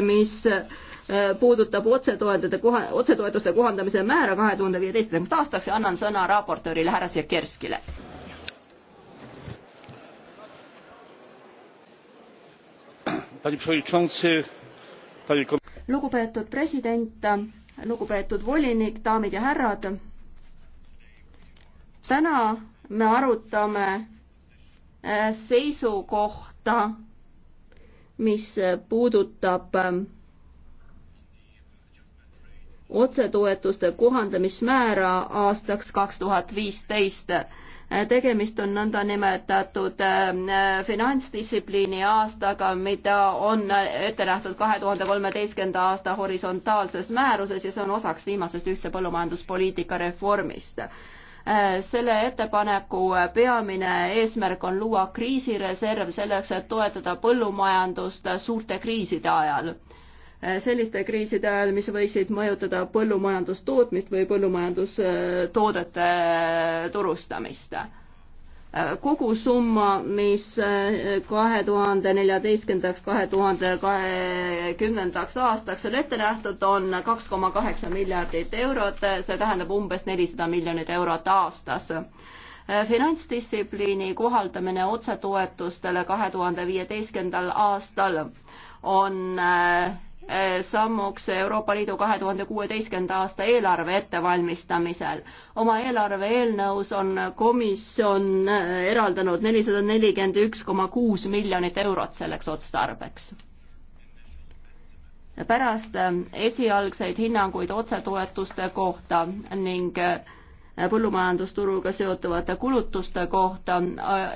mis äh, puudutab otsetoetuste koha, otsetoetuste kohandamise määra kahe tuhande viieteistkümnendaks aastaks ja annan sõna raportöörile härra Sikerskile. lugupeetud president, lugupeetud volinik, daamid ja härrad. täna me arutame äh, seisukohta mis puudutab ähm, otsetoetuste kohandamismäära aastaks kaks tuhat viisteist tegemist on nõndanimetatud ähm, finantsdistsipliini aastaga, mida on ette nähtud kahe tuhande kolmeteistkümnenda aasta horisontaalses määruses ja see on osaks viimasest ühtse põllumajanduspoliitika reformist selle ettepaneku peamine eesmärk on luua kriisireserv selleks, et toetada põllumajandust suurte kriiside ajal. selliste kriiside ajal, mis võiksid mõjutada põllumajandustootmist või põllumajandustoodete turustamist Äh, kogusumma, mis äh, kahe tuhande neljateistkümnendaks, kahe tuhande kahekümnendaks aastaks on ette nähtud, on kaks koma kaheksa miljardit eurot, see tähendab umbes nelisada miljonit eurot aastas. Äh, finantsdistsipliini kohaldamine otsetoetustele kahe tuhande viieteistkümnendal aastal on Eh, sammuks Euroopa Liidu kahe tuhande kuueteistkümnenda aasta eelarve ettevalmistamisel. oma eelarve eelnõus on komisjon eh, eraldanud nelisada nelikümmend üks koma kuus miljonit eurot selleks otstarbeks pärast eh, esialgseid hinnanguid otsetoetuste kohta ning põllumajandusturuga seotuvate kulutuste kohta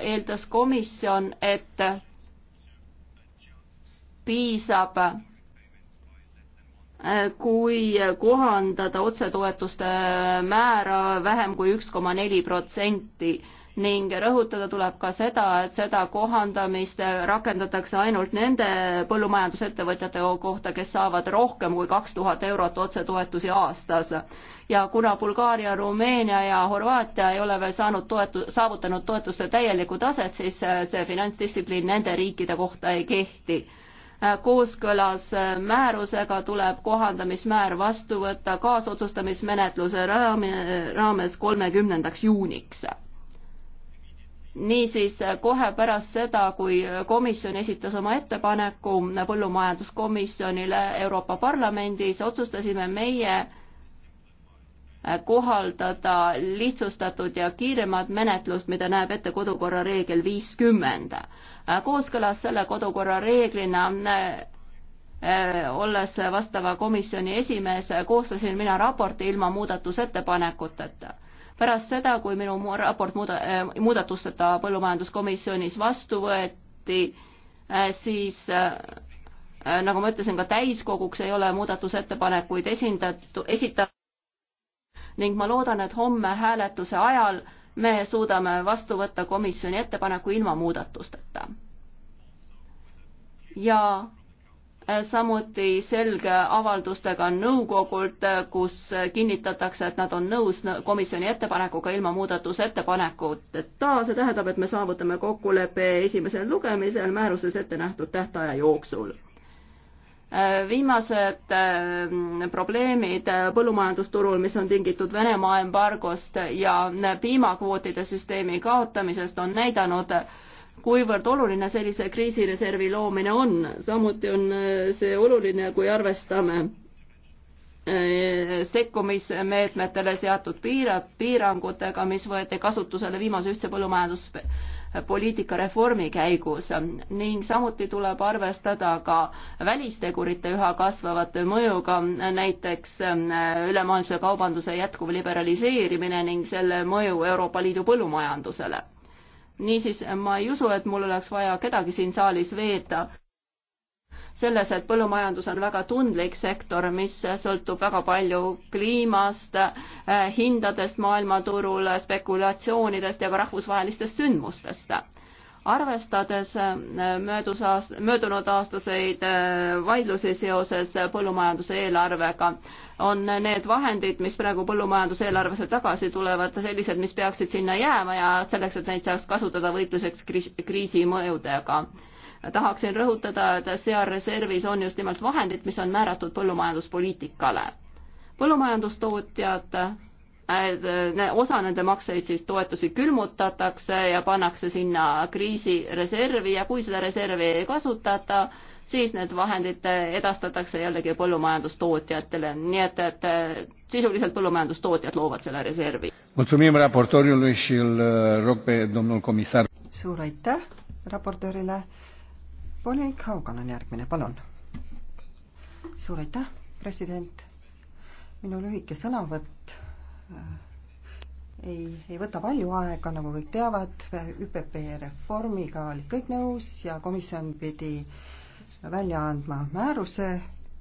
eeldas komisjon, et piisab kui kohandada otsetoetuste määra vähem kui üks koma neli protsenti ning rõhutada tuleb ka seda, et seda kohandamist rakendatakse ainult nende põllumajandusettevõtjate kohta, kes saavad rohkem kui kaks tuhat eurot otsetoetusi aastas. ja kuna Bulgaaria, Rumeenia ja Horvaatia ei ole veel saanud toetu-, saavutanud toetuste täielikku taset, siis see finantsdistsipliin nende riikide kohta ei kehti Äh, kooskõlas äh, määrusega tuleb kohandamismäär vastu võtta kaasotsustamismenetluse raames kolmekümnendaks juuniks. niisiis äh, kohe pärast seda, kui komisjon esitas oma ettepaneku põllumajanduskomisjonile Euroopa Parlamendis, otsustasime meie kohaldada lihtsustatud ja kiiremat menetlust, mida näeb ette kodukorra reegel viiskümmend. kooskõlas selle kodukorra reeglina olles vastava komisjoni esimees, koostasin mina raporti ilma muudatusettepanekuteta. pärast seda, kui minu raport muuda-, muudatusteta põllumajanduskomisjonis vastu võeti, siis nagu ma ütlesin, ka täiskoguks ei ole muudatusettepanekuid esindatud, esitatud ning ma loodan, et homme hääletuse ajal me suudame vastu võtta komisjoni ettepaneku ilma muudatusteta. ja äh, samuti selge avaldustega nõukogult, äh, kus kinnitatakse, et nad on nõus komisjoni ettepanekuga ilma muudatusettepanekuteta. see tähendab, et me saavutame kokkuleppe esimesel lugemisel määruses ette nähtud tähtaja jooksul viimased äh, probleemid põllumajandusturul, mis on tingitud Venemaa embargost ja piimakvootide süsteemi kaotamisest, on näidanud, kuivõrd oluline sellise kriisireservi loomine on. samuti on äh, see oluline, kui arvestame äh, sekkumismeetmetele seatud piirad, piirangutega, mis võeti kasutusele viimase ühtse põllumajandus poliitikareformi käigus ning samuti tuleb arvestada ka välistegurite üha kasvavate mõjuga, näiteks äh, ülemaailmse kaubanduse jätkuv liberaliseerimine ning selle mõju Euroopa Liidu põllumajandusele niisiis, ma ei usu, et mul oleks vaja kedagi siin saalis veeta selles, et põllumajandus on väga tundlik sektor, mis sõltub väga palju kliimast, eh, hindadest maailmaturul, spekulatsioonidest ja ka rahvusvahelistest sündmustest arvestades eh, möödus aast-, möödunud aastaseid eh, vaidlusi seoses põllumajanduse eelarvega, on need vahendid, mis praegu põllumajanduse eelarvesse tagasi tulevad, sellised, mis peaksid sinna jääma ja selleks, et neid saaks kasutada võitluseks kriis, kriisi mõjudega tahaksin rõhutada, et seareservis on just nimelt vahendid, mis on määratud põllumajanduspoliitikale. põllumajandustootjad, osa nende makseid siis toetusi külmutatakse ja pannakse sinna kriisireservi ja kui seda reservi ei kasutata, siis need vahendid edastatakse jällegi põllumajandustootjatele, nii et, et sisuliselt põllumajandustootjad loovad selle reservi. suur aitäh raportöörile volinik Haugan on järgmine, palun. suur aitäh, president. minu lühike sõnavõtt äh, ei, ei võta palju aega, nagu kõik teavad, ÜPP reformiga olid kõik nõus ja komisjon pidi välja andma määruse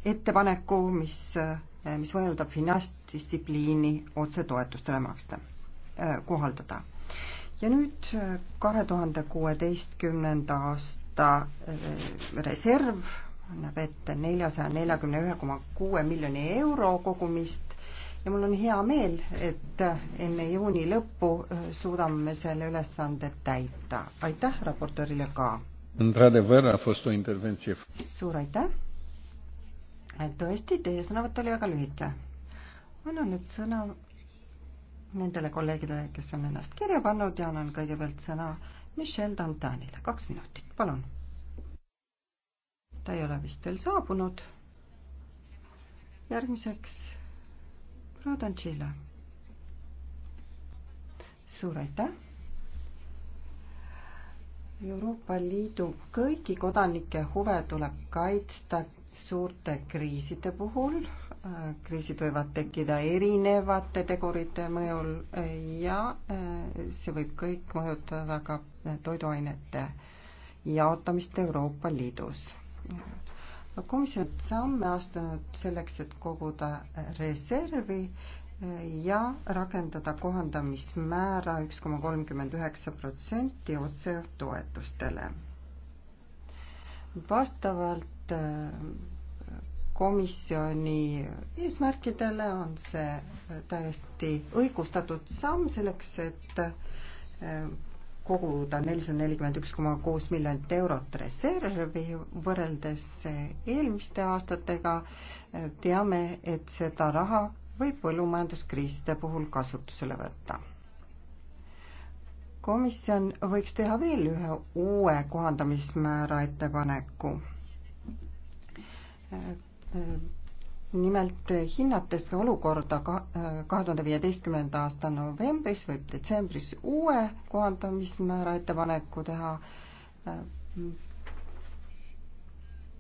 ettepaneku, mis, äh, mis võimaldab finantsdistsipliini otsetoetustele maksta, äh, kohaldada. ja nüüd kahe tuhande kuueteistkümnenda aasta kohta äh, reserv näeb ette neljasaja neljakümne ühe koma kuue miljoni euro kogumist ja mul on hea meel, et enne juuni lõppu äh, suudame me selle ülesande täita. aitäh raportöörile ka. suur aitäh. tõesti, teie sõnavõtt oli väga lühike. annan nüüd sõna nendele kolleegidele, kes on ennast kirja pannud ja annan kõigepealt sõna Michel Dantanile, kaks minutit, palun. ta ei ole vist veel saabunud. järgmiseks Rodanšile. suur aitäh. Euroopa Liidu kõiki kodanike huve tuleb kaitsta suurte kriiside puhul kriisid võivad tekkida erinevate tegurite mõjul ja eh, see võib kõik mõjutada ka toiduainete jaotamist Euroopa Liidus. komisjon on samme astunud selleks, et koguda reservi eh, ja rakendada kohandamismäära üks koma kolmkümmend üheksa protsenti otsetoetustele. vastavalt eh, komisjoni eesmärkidele on see täiesti õigustatud samm selleks, et eh, koguda nelisada nelikümmend üks koma kuus miljonit eurot reservi võrreldes eh, eelmiste aastatega. Eh, teame, et seda raha võib põllumajanduskriiside puhul kasutusele võtta. komisjon võiks teha veel ühe uue kohandamismäära ettepaneku Äh, nimelt äh, hinnates ka olukorda äh, kahe tuhande viieteistkümnenda aasta novembris või detsembris uue kohandamismäära ettepaneku teha.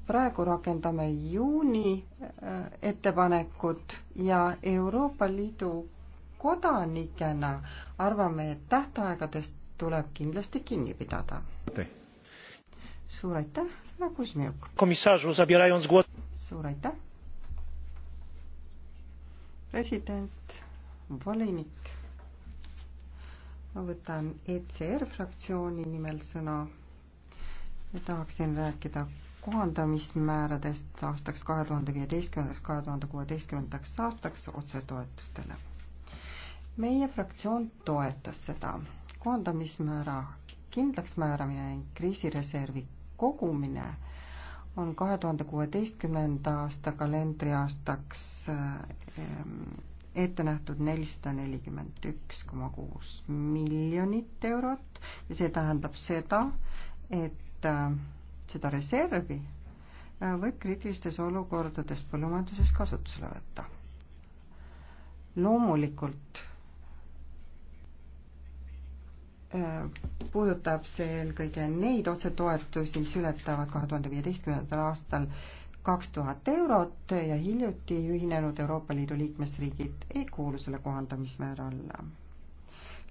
praegu rakendame juuni ettepanekut ja Euroopa Liidu kodanikena arvame, et tähtaegadest tuleb kindlasti kinni pidada. suur aitäh, härra Kuzmjuk. komissaržu zabirając głos suur aitäh! president, volinik, ma võtan ECR fraktsiooni nimel sõna ja tahaksin rääkida kohandamismääradest aastaks kahe tuhande viieteistkümnendaks, kahe tuhande kuueteistkümnendaks aastaks otsetoetustele. meie fraktsioon toetas seda. kohandamismäära kindlaksmääramine ning kriisireservi kogumine on kahe tuhande kuueteistkümnenda aasta kalendriaastaks ehm, ette nähtud nelisada nelikümmend üks koma kuus miljonit eurot ja see tähendab seda, et äh, seda reservi äh, võib kriitilistes olukordades põllumajanduses kasutusele võtta. loomulikult Äh, puudutab see eelkõige neid otsetoetusi, mis ületavad kahe tuhande viieteistkümnendal aastal kaks tuhat eurot ja hiljuti ühinenud Euroopa Liidu liikmesriigid ei kuulu selle kohandamismäära alla.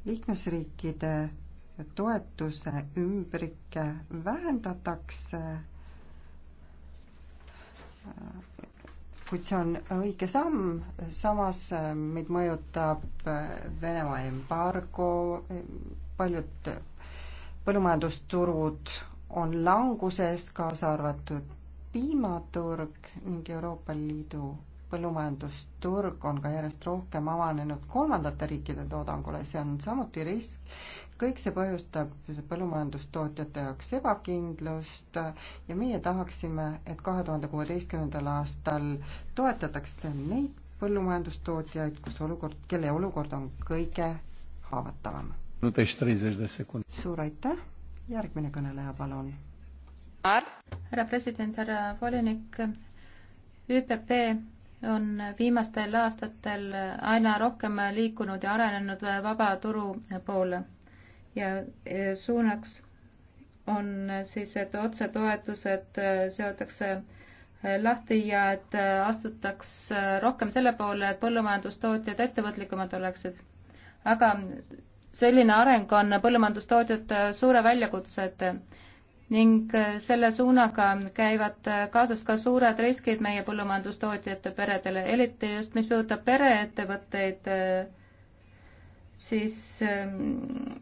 liikmesriikide toetuse ümbrike vähendatakse, äh, kuid see on õige samm, samas äh, meid mõjutab Venemaa embargo, paljud põllumajandusturud on languses, kaasa arvatud piimaturg ning Euroopa Liidu põllumajandusturg on ka järjest rohkem avanenud kolmandate riikide toodangule, see on samuti risk. kõik see põhjustab põllumajandustootjate jaoks ebakindlust ja meie tahaksime, et kahe tuhande kuueteistkümnendal aastal toetatakse neid põllumajandustootjaid, kus olukord, kelle olukord on kõige haavatavam suur aitäh, järgmine kõneleja, palun. härra president, härra volinik, ÜPP on viimastel aastatel aina rohkem liikunud ja arenenud vaba turu poole ja e, suunaks on siis, et otsetoetused e, seotakse e, lahti ja et astutaks rohkem selle poole, et põllumajandustootjad ettevõtlikumad oleksid. aga selline areng on põllumajandustootjate suure väljakutse ette ning selle suunaga käivad kaasas ka suured riskid meie põllumajandustootjate peredele, eriti just, mis puudutab pereettevõtteid, siis ähm,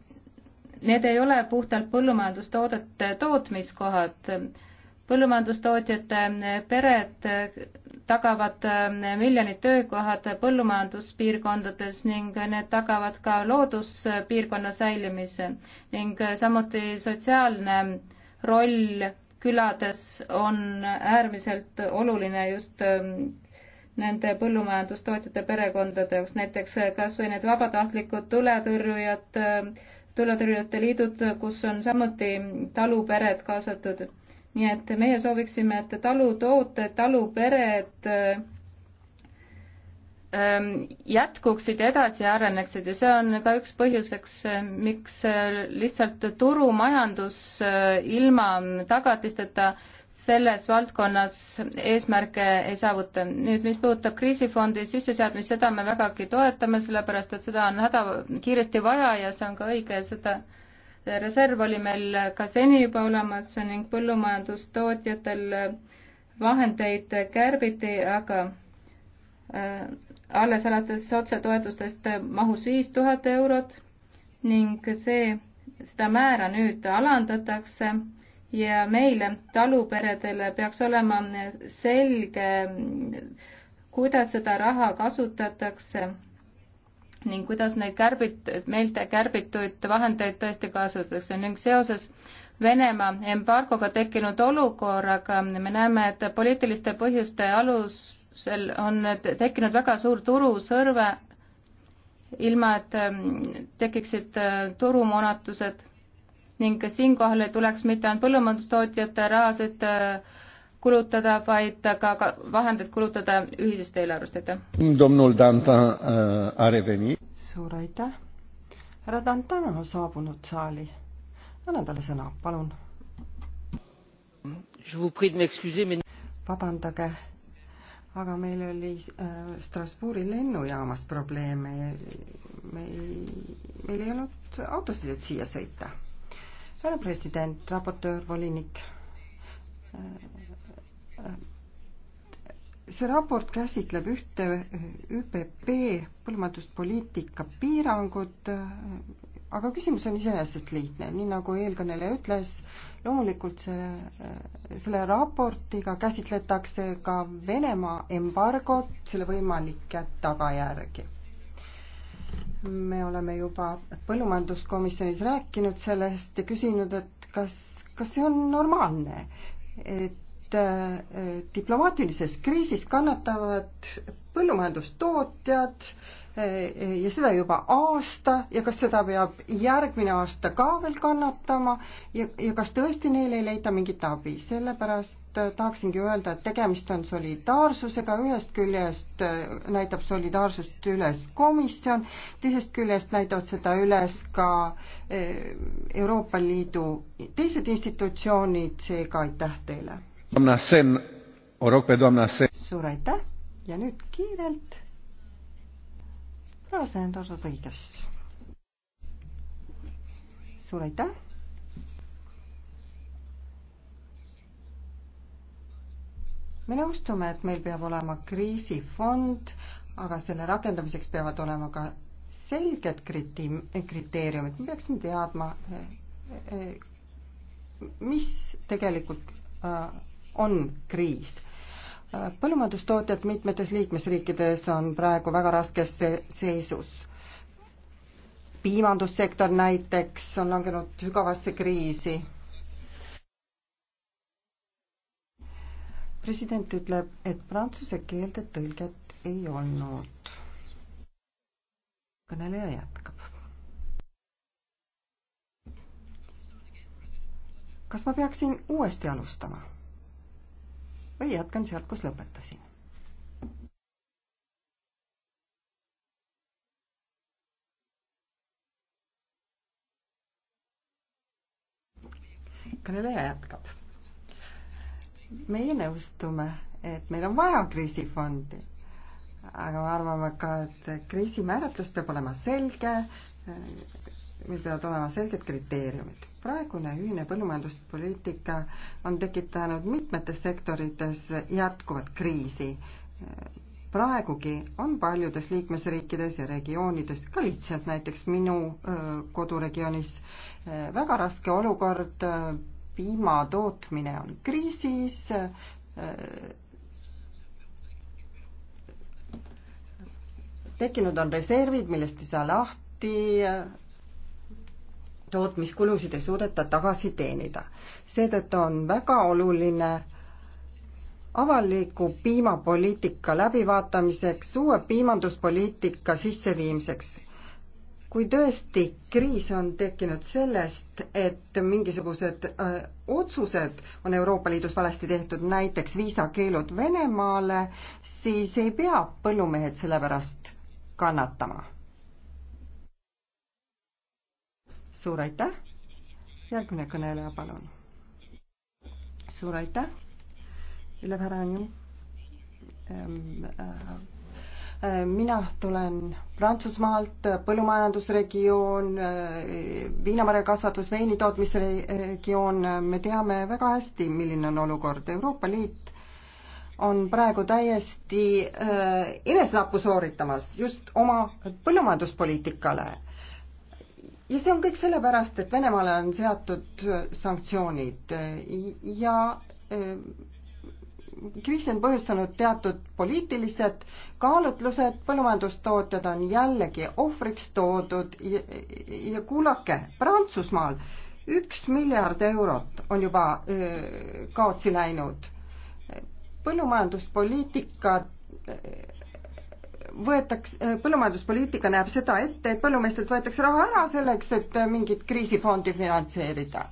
need ei ole puhtalt põllumajandustoodete tootmiskohad põllumajandustootjate eh, pered eh, tagavad eh, miljonid töökohad põllumajanduspiirkondades ning need tagavad ka looduspiirkonna säilimise ning samuti sotsiaalne roll külades on äärmiselt oluline just nende põllumajandustootjate perekondade jaoks, näiteks kas või need vabatahtlikud tuletõrjujad, tuletõrjujate liidud, kus on samuti talupered kaasatud nii et meie sooviksime, et talutooted, talupered ähm, jätkuksid ja edasi areneksid ja see on ka üks põhjuseks, äh, miks äh, lihtsalt turumajandus äh, ilma tagatisteta selles valdkonnas eesmärke ei saavuta. nüüd, mis puudutab kriisifondi sisseseadmist, seda me vägagi toetame, sellepärast et seda on häda kiiresti vaja ja see on ka õige, seda äh, reserv oli meil ka seni juba olemas ning põllumajandustootjatel vahendeid kärbiti, aga äh, alles alates otsetoetustest mahus viis tuhat eurot ning see, seda määra nüüd alandatakse ja meile, taluperedele, peaks olema selge, kuidas seda raha kasutatakse ning kuidas neid kärbit-, meilt kärbituid vahendeid tõesti kasutatakse ning seoses Venemaa embargoga tekkinud olukorraga me näeme, et poliitiliste põhjuste alusel on tekkinud väga suur turusõrve, ilma et ähm, tekiksid äh, turumoonatused ning siinkohal ei tuleks mitte ainult põllumajandustootjate rahasid äh, kulutada, vaid ka, ka vahendeid kulutada ühisest eelarvest, aitäh. Äh, suur aitäh. härra Dantan on saabunud saali. annan talle sõna, palun. vabandage, aga meil oli äh, Strasbourgi lennujaamas probleeme. me ei, meil ei olnud autosid, et siia sõita. härra president, raportöör, volinik äh, see raport käsitleb ühte ÜPP põllumajanduspoliitika piirangut, aga küsimus on iseenesest lihtne, nii nagu eelkõneleja ütles, loomulikult see, selle raportiga käsitletakse ka Venemaa embargot, selle võimalikke tagajärgi. me oleme juba põllumajanduskomisjonis rääkinud sellest ja küsinud, et kas, kas see on normaalne, et et äh, diplomaatilises kriisis kannatavad põllumajandustootjad äh, ja seda juba aasta ja kas seda peab järgmine aasta ka veel kannatama ja, ja kas tõesti neile ei leita mingit abi, sellepärast äh, tahaksingi öelda, et tegemist on solidaarsusega, ühest küljest näitab solidaarsust üles komisjon, teisest küljest näitavad seda üles ka Euroopa Liidu teised institutsioonid, seega aitäh teile! suur aitäh ja nüüd kiirelt. Rosenro Rodriguez. suur aitäh. me nõustume, et meil peab olema kriisifond, aga selle rakendamiseks peavad olema ka selged kriti-, kriteeriumid, me peaksime teadma, eh, eh, mis tegelikult äh, on kriis. põllumajandustootjad mitmetes liikmesriikides on praegu väga raskes seisus. piimandussektor näiteks on langenud sügavasse kriisi. president ütleb, et prantsuse keelde tõlget ei olnud. kõneleja jätkab. kas ma peaksin uuesti alustama? või jätkan sealt, kus lõpetasin. kõneleja jätkab. meie nõustume, et meil on vaja kriisifondi, aga me arvame ka, et kriisi määratlus peab olema selge, meil peavad olema selged kriteeriumid praegune ühine põllumajanduspoliitika on tekitanud mitmetes sektorites jätkuvat kriisi. praegugi on paljudes liikmesriikides ja regioonides, ka lihtsalt näiteks minu koduregioonis, väga raske olukord, piima tootmine on kriisis, tekkinud on reservid, millest ei saa lahti, tootmiskulusid ei suudeta tagasi teenida. seetõttu on väga oluline avaliku piimapoliitika läbivaatamiseks, uue piimanduspoliitika sisseviimiseks. kui tõesti kriis on tekkinud sellest, et mingisugused öö, äh, otsused on Euroopa Liidus valesti tehtud, näiteks viisakeelud Venemaale, siis ei pea põllumehed selle pärast kannatama suur aitäh. järgmine kõneleja, palun. suur aitäh. ütleb härra Anju ähm,. Äh, äh, mina tulen Prantsusmaalt, põllumajandusregioon, äh, viinamarja kasvatus, veinitootmisregioon, me teame väga hästi, milline on olukord. Euroopa Liit on praegu täiesti äh, eneselapu sooritamas just oma põllumajanduspoliitikale ja see on kõik sellepärast, et Venemaale on seatud äh, sanktsioonid äh, ja äh, kriis on põhjustanud teatud poliitilised kaalutlused, põllumajandustootjad on jällegi ohvriks toodud ja, ja kuulake, Prantsusmaal üks miljard eurot on juba öö, kaotsi läinud. põllumajanduspoliitika võetakse, äh, põllumajanduspoliitika näeb seda ette, et põllumeestelt võetakse raha ära selleks, et äh, mingit kriisifondi finantseerida.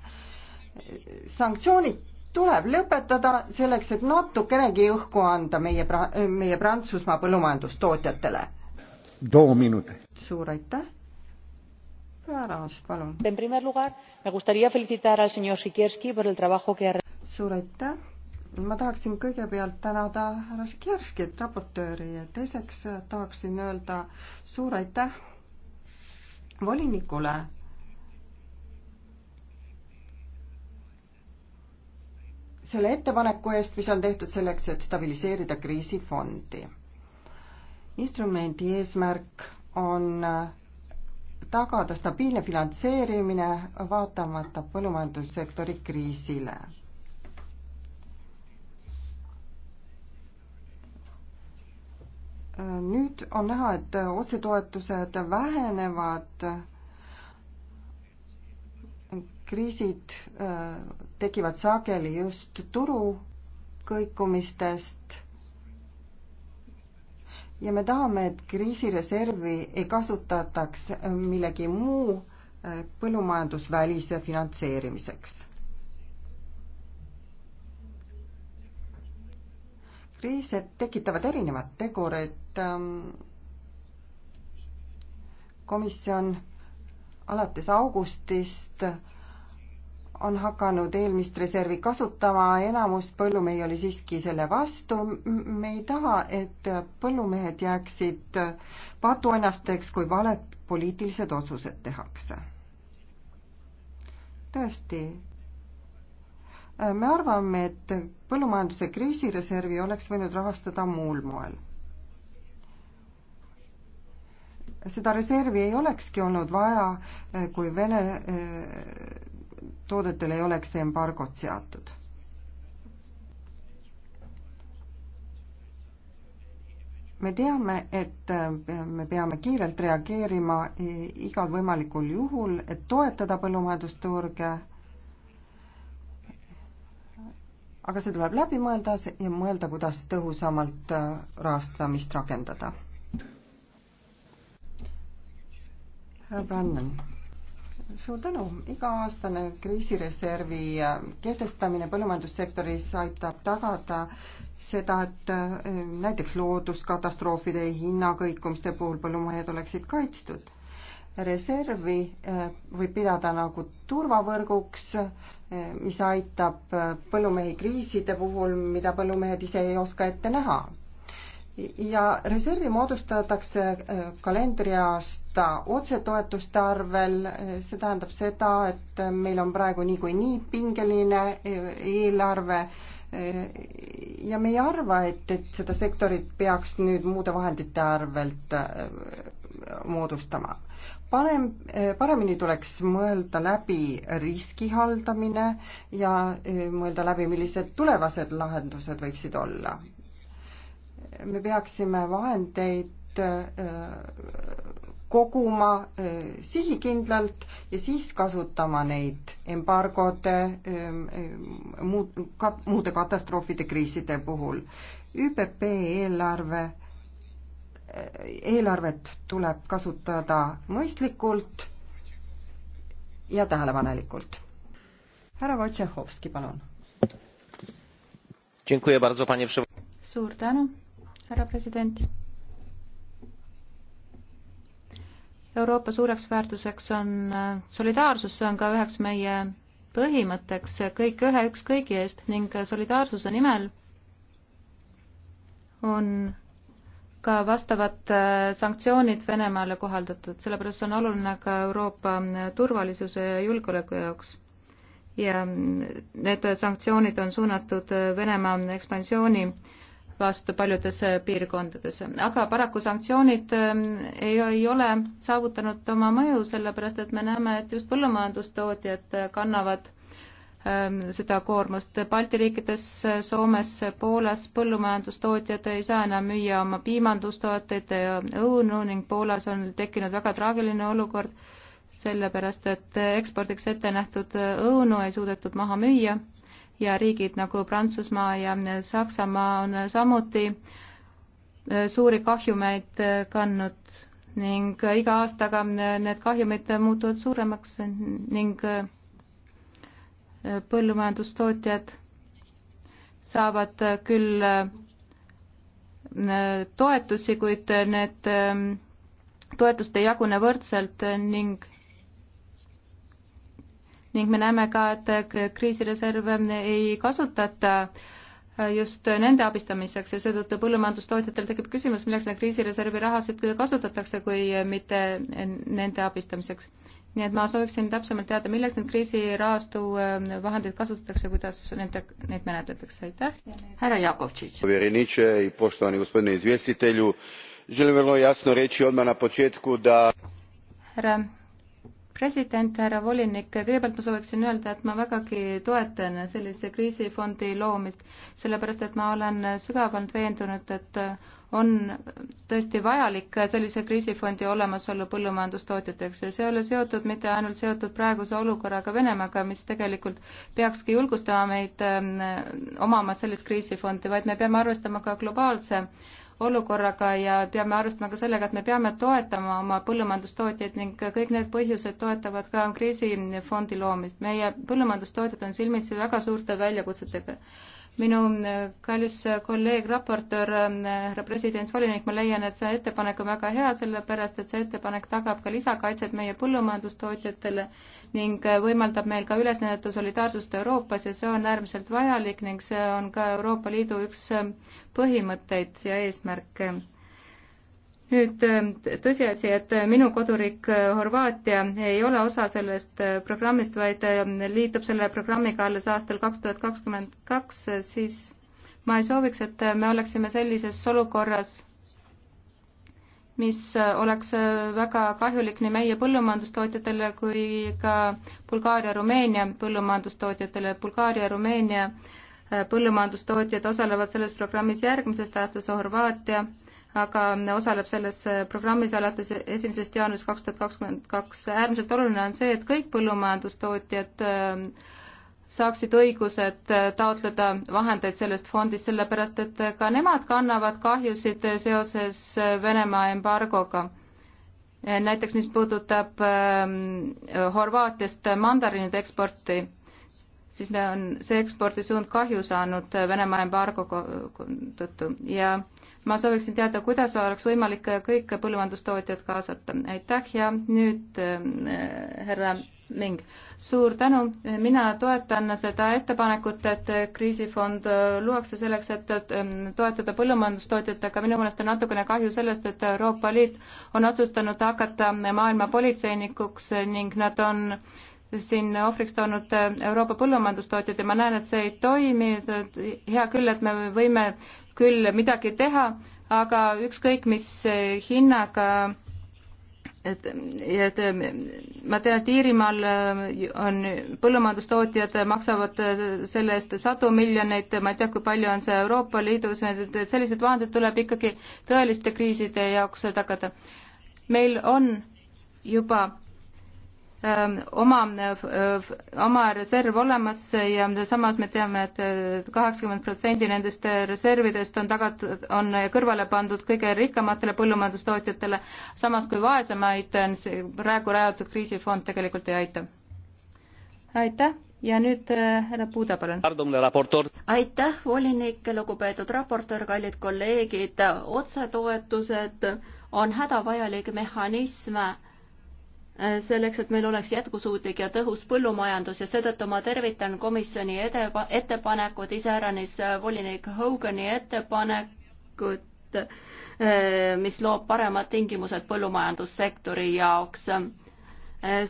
sanktsioonid tuleb lõpetada selleks, et natukenegi õhku anda meie, meie Prantsusmaa põllumajandustootjatele. too minut. suur aitäh. Aras, palun. suur aitäh ma tahaksin kõigepealt tänada härra Sikierskit, raportööri ja teiseks tahaksin öelda suur aitäh volinikule. selle ettepaneku eest, mis on tehtud selleks, et stabiliseerida kriisifondi. instrumendi eesmärk on tagada stabiilne finantseerimine vaatamata põllumajandussektori kriisile nüüd on näha, et otsetoetused vähenevad, kriisid äh, tekivad sageli just turu kõikumistest ja me tahame, et kriisireservi ei kasutataks millegi muu äh, põllumajandusvälise finantseerimiseks kriise tekitavad erinevad tegurid. Ähm, komisjon alates augustist on hakanud eelmist reservi kasutama, enamus põllumehi oli siiski selle vastu. me ei taha, et põllumehed jääksid patuennasteks, kui valed poliitilised otsused tehakse. tõesti, me arvame, et põllumajanduse kriisireservi oleks võinud rahastada muul moel. seda reservi ei olekski olnud vaja, eh, kui Vene eh, toodetele ei oleks embargot seatud me teame, et eh, me peame kiirelt reageerima igal võimalikul juhul, et toetada põllumajandusturge aga see tuleb läbi mõelda ja mõelda, kuidas tõhusamalt äh, rahastamist rakendada. härra Brannan suur tänu. iga-aastane kriisireservi äh, kehtestamine põllumajandussektoris aitab tagada seda, et äh, näiteks looduskatastroofide hinnakõikumiste puhul põllumehed oleksid kaitstud. reservi võib pidada nagu turvavõrguks Eh, mis aitab eh, põllumehi kriiside puhul, mida põllumehed ise ei oska ette näha. ja reservi moodustatakse eh, kalendriaasta otsetoetuste arvel, see tähendab seda, et meil on praegu niikuinii nii pingeline eelarve ja me ei arva, et, et seda sektorit peaks nüüd muude vahendite arvelt moodustama parem, eh, paremini tuleks mõelda läbi riski haldamine ja eh, mõelda läbi, millised tulevased lahendused võiksid olla. me peaksime vahendeid eh, koguma sihikindlalt ja siis kasutama neid embargode, muud, muude katastroofide, kriiside puhul. ÜPP eelarve eelarvet tuleb kasutada mõistlikult ja tähelepanelikult. härra Wojciechowski, palun. suur tänu, härra president. Euroopa suureks väärtuseks on äh, solidaarsus, see on ka üheks meie põhimõtteks kõik ühe üks kõigi eest ning äh, solidaarsuse nimel on ka vastavad äh, sanktsioonid Venemaale kohaldatud, sellepärast see on oluline ka Euroopa äh, turvalisuse ja julgeoleku jaoks. ja mm, need sanktsioonid on suunatud äh, Venemaa ekspansiooni vastu paljudesse piirkondadesse, aga paraku sanktsioonid ähm, ei, ei ole saavutanud oma mõju, sellepärast et me näeme, et just põllumajandustootjad kannavad Ähm, seda koormust. Balti riikides, äh, Soomes, Poolas põllumajandustootjad ei saa enam müüa oma piimandustooteid ja õunu ning Poolas on tekkinud väga traagiline olukord, sellepärast et äh, ekspordiks ette nähtud äh, õunu ei suudetud maha müüa ja riigid nagu Prantsusmaa ja Saksamaa on samuti suuri kahjumeid kandnud ning iga aastaga need kahjumid muutuvad suuremaks ning põllumajandustootjad saavad küll äh, toetusi, kuid äh, need ähm, toetust ei jagune võrdselt äh, ning ning me näeme ka, et kriisireserve ei kasutata just nende abistamiseks ja seetõttu põllumajandustootjatel tekib küsimus, milleks neid kriisireservi rahasid kasutatakse, kui mitte nende abistamiseks nii et ma sooviksin täpsemalt teada, milleks need kriisirahastu ähm, vahendeid kasutatakse, kuidas nende, neid menetletakse, aitäh. härra Jakovtšitš. härra president, härra volinik, kõigepealt ma sooviksin öelda, et ma vägagi toetan sellise kriisifondi loomist, sellepärast et ma olen sügavalt veendunud, et on tõesti vajalik sellise kriisifondi olemasolu põllumajandustootjateks ja see ei ole seotud mitte ainult seotud praeguse olukorraga Venemaaga, mis tegelikult peakski julgustama meid ähm, omama sellist kriisifondi, vaid me peame arvestama ka globaalse olukorraga ja peame arvestama ka sellega, et me peame toetama oma põllumajandustootjaid ning kõik need põhjused toetavad ka kriisifondi loomist. meie põllumajandustootjad on silmitsi väga suurte väljakutsetega minu äh, kallis äh, kolleeg, raportöör, äh, härra president, volinik, ma leian, et see ettepanek on väga hea, sellepärast et see ettepanek tagab ka lisakaitset meie põllumajandustootjatele ning võimaldab meil ka üles näidata solidaarsust Euroopas ja see on äärmiselt vajalik ning see on ka Euroopa Liidu üks põhimõtteid ja eesmärke nüüd ähm, tõsiasi, et äh, minu koduriik äh, Horvaatia ei ole osa sellest äh, programmist, vaid ähm, liitub selle programmiga alles aastal kaks tuhat kakskümmend kaks, siis ma ei sooviks, et me oleksime sellises olukorras, mis oleks väga kahjulik nii meie põllumajandustootjatele kui ka Bulgaaria, Rumeenia põllumajandustootjatele. Bulgaaria, Rumeenia põllumajandustootjad osalevad selles programmis järgmisest aastast, Horvaatia aga osaleb selles programmis alates esimesest jaanuarist kaks tuhat kakskümmend kaks. äärmiselt oluline on see, et kõik põllumajandustootjad ähm, saaksid õigused äh, taotleda vahendeid sellest fondist, sellepärast et ka nemad kannavad kahjusid seoses äh, Venemaa embargoga. Äh, näiteks mis puudutab ähm, Horvaatiast mandariinide eksporti siis on see ekspordisuund kahju saanud Venemaa embargo tõttu ja ma sooviksin teada, kuidas oleks võimalik kõik põllumajandustootjad kaasata. aitäh ja nüüd äh, härra Ming, suur tänu, mina toetan seda ettepanekut, et kriisifond luuakse selleks, et, et ähm, toetada põllumajandustootjat, aga minu meelest on natukene kahju sellest, et Euroopa Liit on otsustanud hakata maailma politseinikuks ning nad on siin ohvriks toonud Euroopa põllumajandustootjad ja ma näen, et see ei toimi, hea küll, et me võime küll midagi teha, aga ükskõik mis hinnaga et, et ma tean, et Iirimaal äh, on põllumajandustootjad äh, maksavad äh, selle eest sadu miljoneid, ma ei tea, kui palju on see Euroopa Liidus, et sellised vahendid tuleb ikkagi tõeliste kriiside jaoks tagada. meil on juba Ähm, oma, äh, oma reserv olemas ja samas me teame et, et äh, kaheksakümmend protsenti nendest äh, reservidest on tagatud, on kõrvale pandud kõige rikkamatele põllumajandustootjatele, samas kui vaesemaid praegu rajatud kriisifond tegelikult ei aita. aitäh ja nüüd härra Puuda, palun. aitäh, volinik, lugupeetud raportöör, kallid kolleegid, otsetoetused on hädavajalik mehhanism selleks, et meil oleks jätkusuutlik ja tõhus põllumajandus ja seetõttu ma tervitan komisjoni ede-, ettepanekut, iseäranis volinik Hogani ettepanekut, eh, mis loob paremad tingimused põllumajandussektori jaoks eh,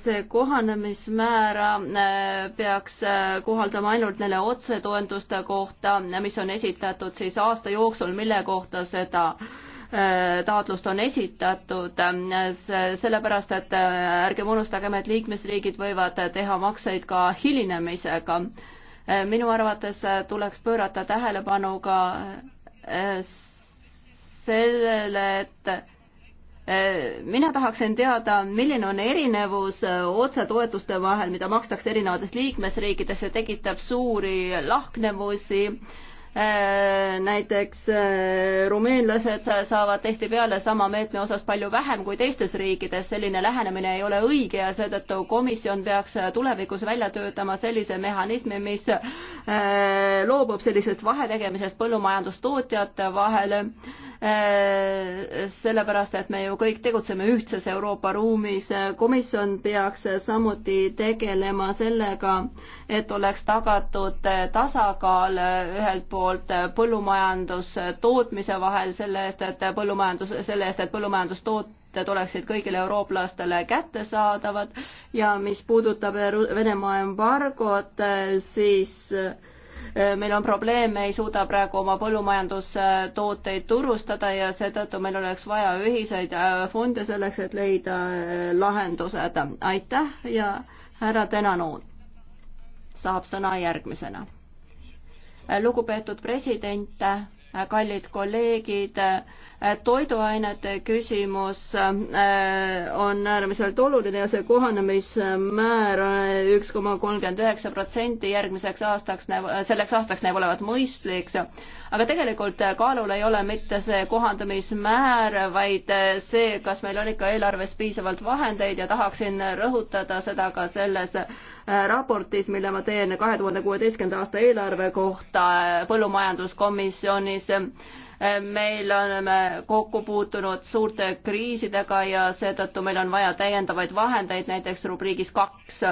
see kohanemismäära eh, peaks kohaldama ainult neile otsetoetuste kohta, mis on esitatud siis aasta jooksul, mille kohta seda äh, Äh, taotlust on esitatud, äh, sellepärast et äh, ärgem unustagem, et liikmesriigid võivad teha makseid ka hilinemisega. minu arvates tuleks pöörata tähelepanu ka sellele, et mina tahaksin teada, milline on erinevus otsetoetuste vahel, mida makstakse erinevates liikmesriikides, see tekitab suuri lahknevusi Äh, näiteks äh, rumeenlased saavad tihtipeale sama meetme osas palju vähem kui teistes riikides, selline lähenemine ei ole õige ja seetõttu komisjon peaks äh, tulevikus välja töötama sellise mehhanismi, mis loobub sellisest vahetegemisest põllumajandustootjate vahel Äh, sellepärast et me ju kõik tegutseme ühtses Euroopa ruumis. komisjon peaks samuti tegelema sellega, et oleks tagatud tasakaal ühelt poolt põllumajandustootmise vahel selle eest, et põllumajandus, selle eest, et põllumajandustoot-, tooted oleksid kõigile eurooplastele kättesaadavad ja mis puudutab Venemaa embargot, siis äh, Äh, meil on probleem, me ei suuda praegu oma põllumajandustooteid turustada ja seetõttu meil oleks vaja ühiseid äh, fonde selleks, et leida äh, lahendused. aitäh ja härra Tenanu saab sõna järgmisena. lugupeetud president kallid kolleegid, toiduainete küsimus äh, on äärmiselt oluline ja see kohanemismäär äh, üks koma kolmkümmend üheksa protsenti järgmiseks aastaks, selleks aastaks näib olevat mõistlik. aga tegelikult kaalul ei ole mitte see kohandamismäär, vaid äh, see, kas meil on ikka eelarves piisavalt vahendeid ja tahaksin rõhutada seda ka selles Äh, raportis, mille ma teen kahe tuhande kuueteistkümnenda aasta eelarve kohta äh, põllumajanduskomisjonis äh, meil oleme kokku puutunud suurte kriisidega ja seetõttu meil on vaja täiendavaid vahendeid, näiteks rubriigis kaks.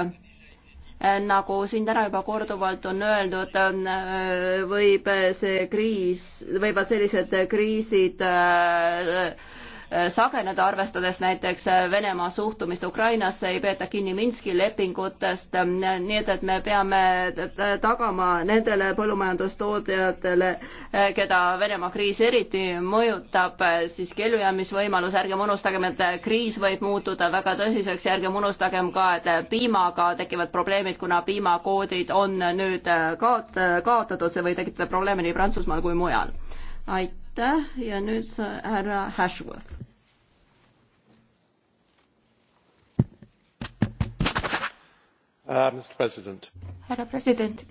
nagu siin täna juba korduvalt on öeldud, võib see kriis, võivad sellised kriisid äh, Äh, sageneda, arvestades näiteks äh, Venemaa suhtumist Ukrainasse, ei peeta kinni Minski lepingutest, äh, nii et, et me peame tagama nendele põllumajandustootjatele, keda Venemaa kriis eriti mõjutab, siiski ellujäämisvõimalus, ärgem unustagem, et kriis võib muutuda väga tõsiseks ja ärgem unustagem ka, et piimaga tekivad probleemid, kuna piimakoodid on nüüd kaot-, kaotatud, see võib tekitada probleeme nii Prantsusmaal kui mujal. aitäh ja nüüd härra Hashworth. Uh, härra president,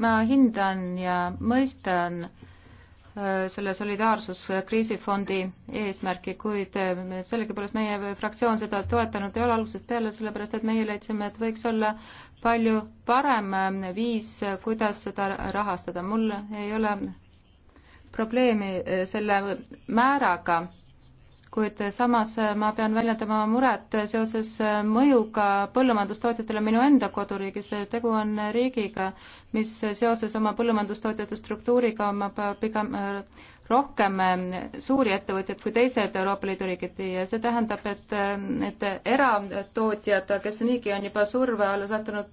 ma hindan ja mõistan uh, selle solidaarsuskriisifondi eesmärki, kuid uh, sellegipoolest meie fraktsioon seda toetanud ei ole algusest peale, sellepärast et meie leidsime, et võiks olla palju parem viis, kuidas seda rahastada. mul ei ole probleemi selle määraga kuid samas ma pean väljendama muret seoses mõjuga põllumajandustootjatele minu enda koduriigis. tegu on riigiga, mis seoses oma põllumajandustootjate struktuuriga omab pigem äh, rohkem äh, suuri ettevõtjaid kui teised Euroopa Liidu riigid ja see tähendab, et need äh, eratootjad, kes niigi on juba surve alla sattunud,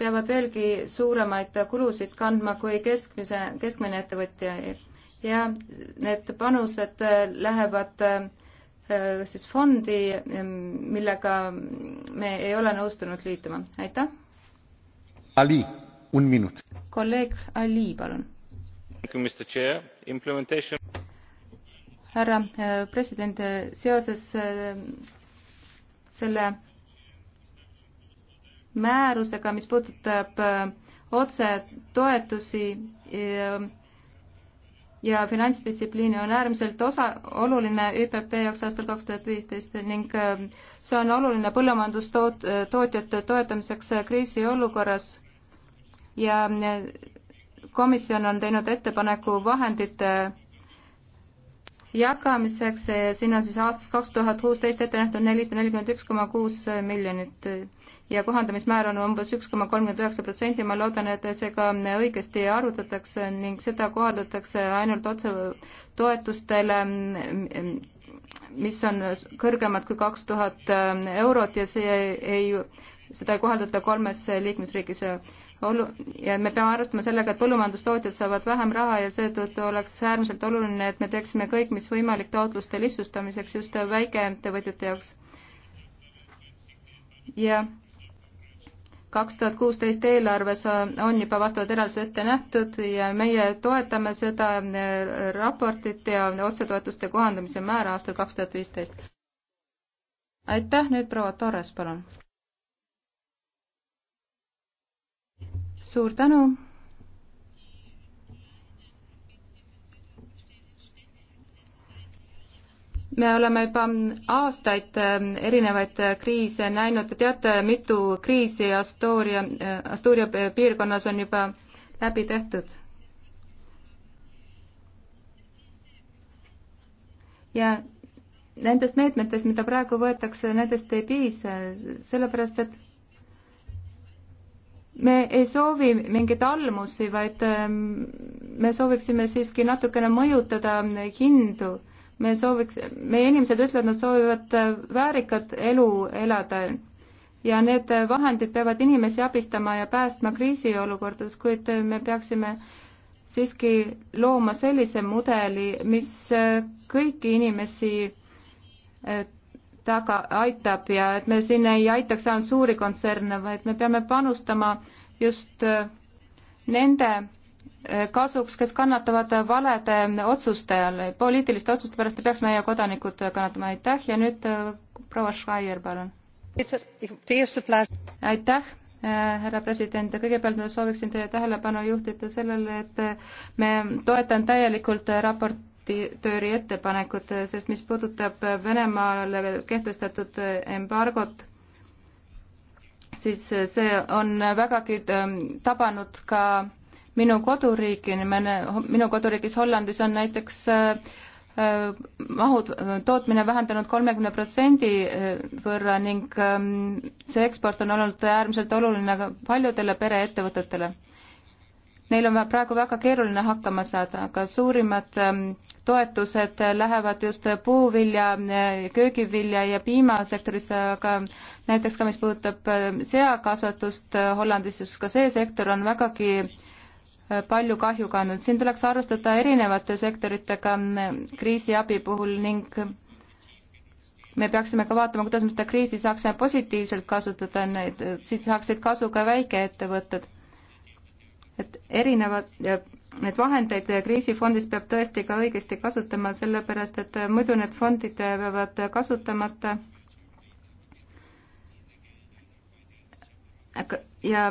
peavad veelgi suuremaid kulusid kandma kui keskmise, keskmine ettevõtja ja need panused lähevad äh, Äh, siis fondi, ähm, millega me ei ole nõustunud liituma. aitäh. Ali, un minut. kolleeg Ali, palun. härra äh, president, äh, seoses selle määrusega, mis puudutab otsetoetusi ja finantsdistsipliini on äärmiselt osa, oluline ÜPP jaoks aastal kaks tuhat viisteist ning äh, see on oluline põllumajandustoot-, äh, tootjate toetamiseks äh, kriisiolukorras ja komisjon on teinud ettepaneku vahendite jagamiseks, eh, siin on siis aastast kaks tuhat kuusteist ette nähtud nelisada nelikümmend üks koma kuus eh, miljonit eh, ja kohandamismäär on umbes üks koma kolmkümmend üheksa protsenti, ma loodan, et see ka õigesti arvutatakse ning seda kohaldatakse ainult otse toetustele, mm, mis on kõrgemad kui kaks tuhat eurot ja see ei, seda ei kohaldata kolmes liikmesriigis olu- ja me peame arvestama sellega, et põllumajandustootjad saavad vähem raha ja seetõttu oleks äärmiselt oluline, et me teeksime kõik, mis võimalik taotluste lihtsustamiseks just väikeettevõtjate jaoks. ja kaks tuhat kuusteist eelarves on juba vastavad eraldised ette nähtud ja meie toetame seda eh, raportit ja otsetoetuste kohandamise määra aastal kaks tuhat viisteist. aitäh, nüüd proua Torres, palun suur tänu. me oleme juba aastaid ähm, erinevaid äh, kriise näinud, te teate, mitu kriisi Astoria, äh, Asturia piirkonnas on juba läbi tehtud ja nendest meetmetest, mida praegu võetakse, nendest ei piisa, sellepärast et me ei soovi mingeid almusi, vaid ähm, me sooviksime siiski natukene mõjutada hindu. me sooviks, meie inimesed ütlevad, nad soovivad äh, väärikat elu elada ja need vahendid peavad inimesi abistama ja päästma kriisiolukordades, kuid äh, me peaksime siiski looma sellise mudeli, mis äh, kõiki inimesi taga, aitab ja et me siin ei aitaks ainult suuri kontserne, vaid me peame panustama just äh, nende äh, kasuks, kes kannatavad valede otsuste all, poliitiliste otsuste pärast ei peaks meie kodanikud kannatama, aitäh ja nüüd äh, proua Schreier, palun. aitäh härra president, kõigepealt ma sooviksin teie tähelepanu juhtida sellele, et me toetan täielikult raport raportööri ettepanekut, sest mis puudutab Venemaale kehtestatud embargot, siis see on vägagi ähm, tabanud ka minu koduriiki, minu koduriigis Hollandis on näiteks äh, äh, mahud, äh, tootmine vähendanud kolmekümne protsendi võrra ning ähm, see eksport on olnud äärmiselt oluline ka paljudele pereettevõtetele Neil on praegu väga keeruline hakkama saada, aga suurimad ähm, toetused lähevad just puuvilja, äh, köögivilja ja piimasektorisse, aga näiteks ka mis puudutab ähm, seakasvatust äh, Hollandis, siis ka see sektor on vägagi äh, palju kahju kandnud. siin tuleks arvestada erinevate sektoritega ähm, kriisiabi puhul ning me peaksime ka vaatama, kuidas me seda kriisi saaksime positiivselt kasutada, siit saaksid kasu ka väikeettevõtted et erinevad, need vahendeid kriisifondis peab tõesti ka õigesti kasutama, sellepärast et muidu need fondid peavad kasutamata. ja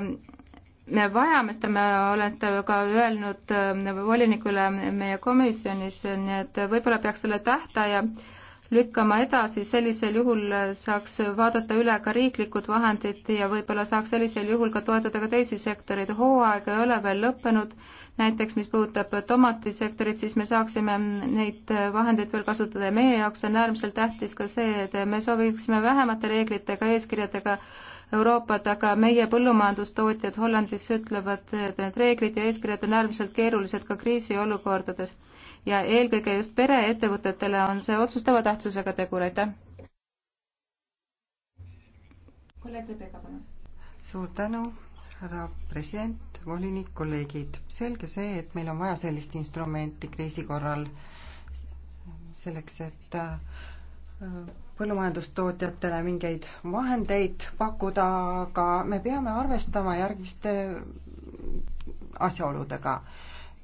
me vajame seda, ma olen seda ka öelnud ähm, volinikule meie komisjonis, nii et võib-olla peaks selle tähtaja äh, lükkama edasi, sellisel juhul saaks vaadata üle ka riiklikud vahendid ja võib-olla saaks sellisel juhul ka toetada ka teisi sektoreid. hooaeg ei ole veel lõppenud, näiteks mis puudutab tomatisektorit, siis me saaksime neid vahendeid veel kasutada ja meie jaoks on äärmiselt tähtis ka see, et me sooviksime vähemate reeglitega, eeskirjadega Euroopat, aga meie põllumajandustootjad Hollandis ütlevad, et need reeglid ja eeskirjad on äärmiselt keerulised ka kriisiolukordades ja eelkõige just pereettevõtetele on see otsustava tähtsusega tegur, aitäh. kolleeg Rebeka, palun. suur tänu, härra president, volinik, kolleegid. selge see, et meil on vaja sellist instrumenti kriisi korral selleks, et äh, põllumajandustootjatele mingeid vahendeid pakkuda, aga me peame arvestama järgmiste asjaoludega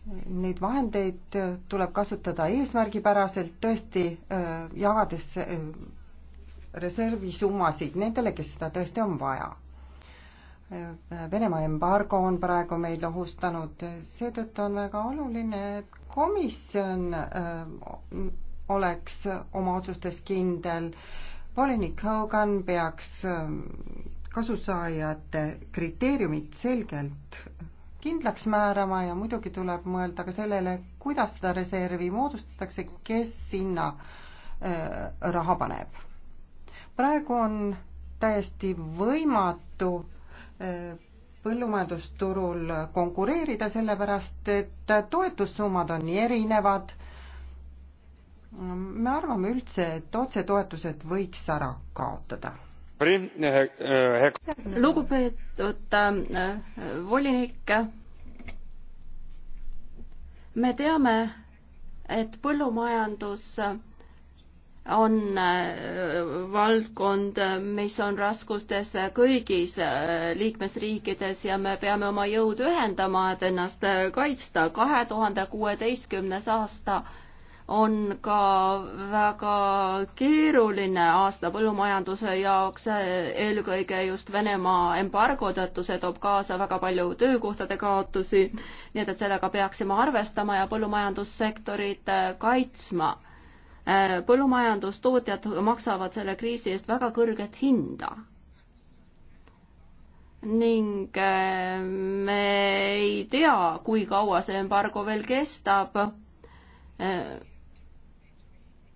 Neid vahendeid tuleb kasutada eesmärgipäraselt, tõesti äh, jagades äh, reservisummasid nendele, kes seda tõesti on vaja. Äh, Venemaa embargo on praegu meid ohustanud, seetõttu on väga oluline, et komisjon oleks oma otsustes kindel. volinik Hogan peaks kasusaajate kriteeriumid selgelt kindlaks määrama ja muidugi tuleb mõelda ka sellele, kuidas seda reservi moodustatakse, kes sinna äh, raha paneb. praegu on täiesti võimatu äh, põllumajandusturul konkureerida, sellepärast et toetussummad on nii erinevad. me arvame üldse, et otsetoetused võiks ära kaotada lugupeetud äh, volinik, me teame, et põllumajandus on äh, valdkond, mis on raskustes kõigis äh, liikmesriikides ja me peame oma jõud ühendama, et ennast kaitsta. kahe tuhande kuueteistkümnes aasta on ka väga keeruline aasta põllumajanduse jaoks, eelkõige just Venemaa embargo tõttu, see toob kaasa väga palju töökohtade kaotusi, nii et, et sellega peaksime arvestama ja põllumajandussektorit äh, kaitsma. Äh, põllumajandustootjad maksavad selle kriisi eest väga kõrget hinda ning äh, me ei tea, kui kaua see embargo veel kestab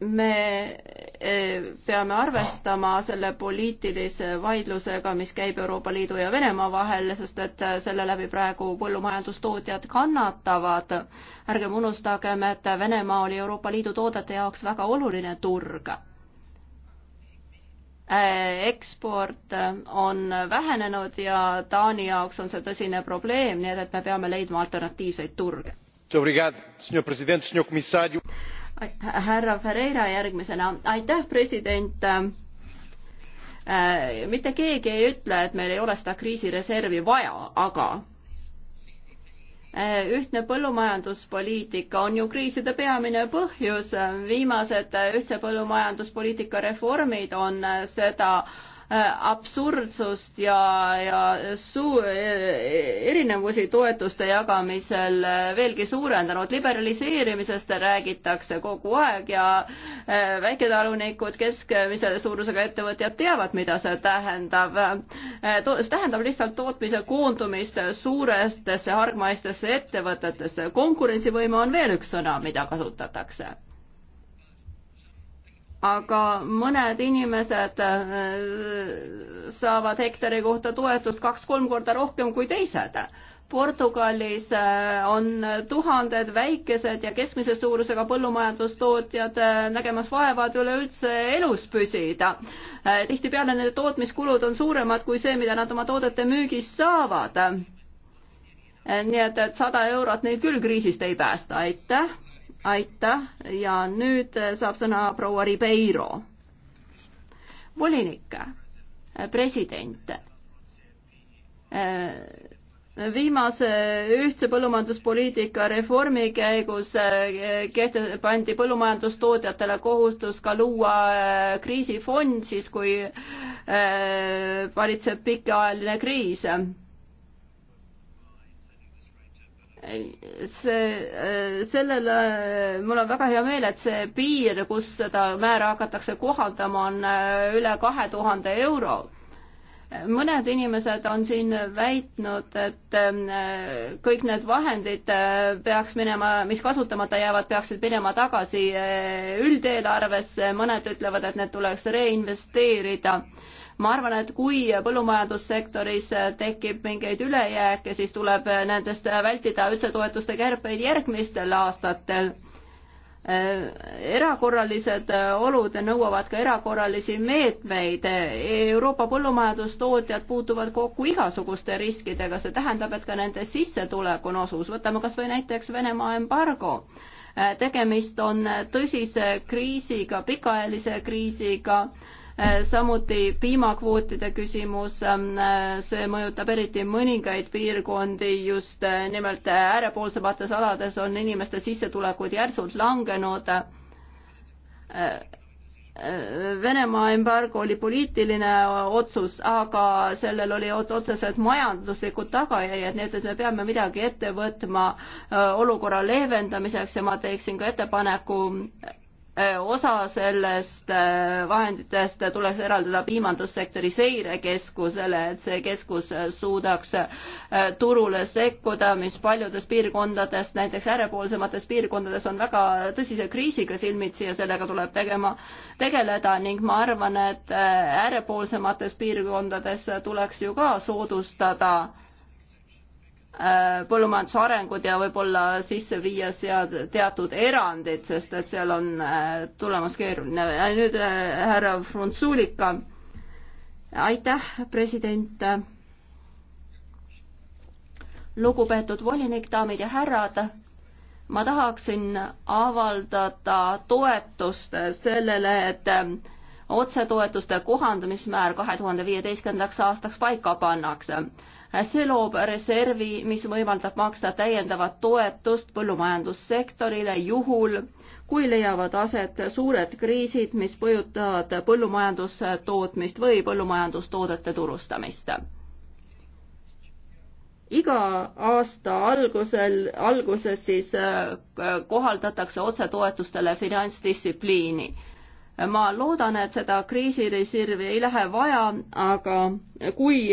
me eh, peame arvestama selle poliitilise vaidlusega, mis käib Euroopa Liidu ja Venemaa vahel, sest et selle läbi praegu põllumajandustootjad kannatavad. ärgem unustagem, et Venemaa oli Euroopa Liidu toodete jaoks väga oluline turg. Eh, eksport on vähenenud ja Taani jaoks on see tõsine probleem, nii et, et me peame leidma alternatiivseid turge härra Ferreira järgmisena, aitäh, president äh, mitte keegi ei ütle, et meil ei ole seda kriisireservi vaja, aga äh, ühtne põllumajanduspoliitika on ju kriiside peamine põhjus. viimased äh, ühtse põllumajanduspoliitika reformid on seda Äh, absurdsust ja, ja suu-, erinevusi toetuste jagamisel äh, veelgi suurendanud. liberaliseerimisest räägitakse kogu aeg ja äh, väiketalunikud, keskmise suurusega ettevõtjad teavad, mida see tähendab. see tähendab lihtsalt tootmise koondumist suurestesse hargmaistesse ettevõtetesse. konkurentsivõime on veel üks sõna, mida kasutatakse aga mõned inimesed äh, saavad hektari kohta toetust kaks-kolm korda rohkem kui teised. Portugalis äh, on tuhanded väikesed ja keskmise suurusega põllumajandustootjad äh, nägemas vaeva, et üleüldse elus püsida. tihtipeale nende tootmiskulud on suuremad kui see, mida nad oma toodete müügist saavad. nii et, et sada eurot neid küll kriisist ei päästa, aitäh aitäh ja nüüd äh, saab sõna proua Ribeiro. volinik, äh, president äh, viimase ühtse põllumajanduspoliitika reformi käigus keht-, pandi põllumajandustootjatele kohustus ka luua kriisifond siis, kui valitseb pikaajaline kriis see, sellele, mul on väga hea meel, et see piir, kus seda määra hakatakse kohaldama, on äh, üle kahe tuhande euro mõned inimesed on siin väitnud, et ähm, kõik need vahendid äh, peaks minema, mis kasutamata jäävad, peaksid minema tagasi äh, üldeelarvesse, mõned ütlevad, et need tuleks reinvesteerida ma arvan, et kui põllumajandussektoris äh, tekib mingeid ülejääke, siis tuleb nendest vältida üldse toetuste kärpeid järgmistel aastatel erakorralised olud nõuavad ka erakorralisi meetmeid. Euroopa põllumajandustootjad puutuvad kokku igasuguste riskidega, see tähendab, et ka nende sissetulek on osus. võtame kas või näiteks Venemaa embargo. tegemist on tõsise kriisiga, pikaajalise kriisiga Äh, samuti piimakvootide küsimus, ähm, äh, see mõjutab eriti mõningaid piirkondi, just äh, nimelt äärepoolsemates alades on inimeste sissetulekud järsult langenud. Venemaa embargo oli poliitiline otsus, aga sellel oli otseselt majanduslikud tagajärjed, nii et, et me peame midagi ette võtma olukorra leevendamiseks ja ma teeksin ka ettepaneku osa sellest vahenditest tuleks eraldada piimandussektori seirekeskusele, et see keskus suudaks turule sekkuda, mis paljudes piirkondades, näiteks äärepoolsemates piirkondades on väga tõsise kriisiga silmitsi ja sellega tuleb tegema, tegeleda ning ma arvan, et äärepoolsemates piirkondades tuleks ju ka soodustada Äh, põllumajanduse arengut ja võib-olla sisse viia seal teatud erandid, sest et seal on äh, tulemas keeruline. nüüd äh, härra Frunzulika. aitäh, president. lugupeetud volinik, daamid ja härrad ma tahaksin avaldada toetust sellele, et otsetoetuste kohandamismäär kahe tuhande viieteistkümnendaks aastaks paika pannakse see loob reservi, mis võimaldab maksta täiendavat toetust põllumajandussektorile juhul, kui leiavad aset suured kriisid, mis mõjutavad põllumajandustootmist või põllumajandustoodete turustamist iga aasta algusel, alguses siis äh, kohaldatakse otsetoetustele finantsdistsipliini ma loodan, et seda kriisireservi ei lähe vaja, aga kui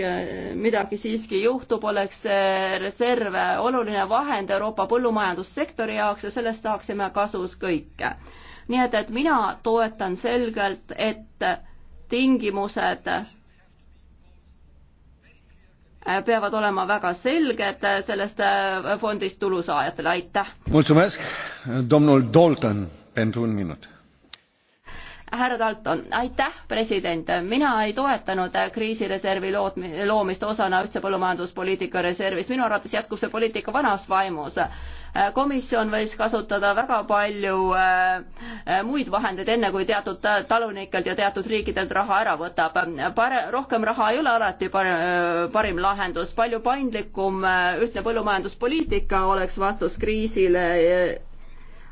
midagi siiski juhtub, oleks see reserv oluline vahend Euroopa põllumajandussektori jaoks ja sellest saaksime kasus kõik. nii et, et mina toetan selgelt, et tingimused peavad olema väga selged sellest fondist tulusaajatele, aitäh. mulțumesc, domnul Dalton, pentru un minut härra Dalton, aitäh, president, mina ei toetanud kriisireservi loomist osana ühtse põllumajanduspoliitika reservist, minu arvates jätkub see poliitika vanas vaimus. komisjon võis kasutada väga palju äh, äh, muid vahendeid, enne kui teatud talunikelt ja teatud riikidelt raha ära võtab. Pare-, rohkem raha ei ole alati par-, äh, parim lahendus, palju paindlikum ühtne põllumajanduspoliitika oleks vastus kriisile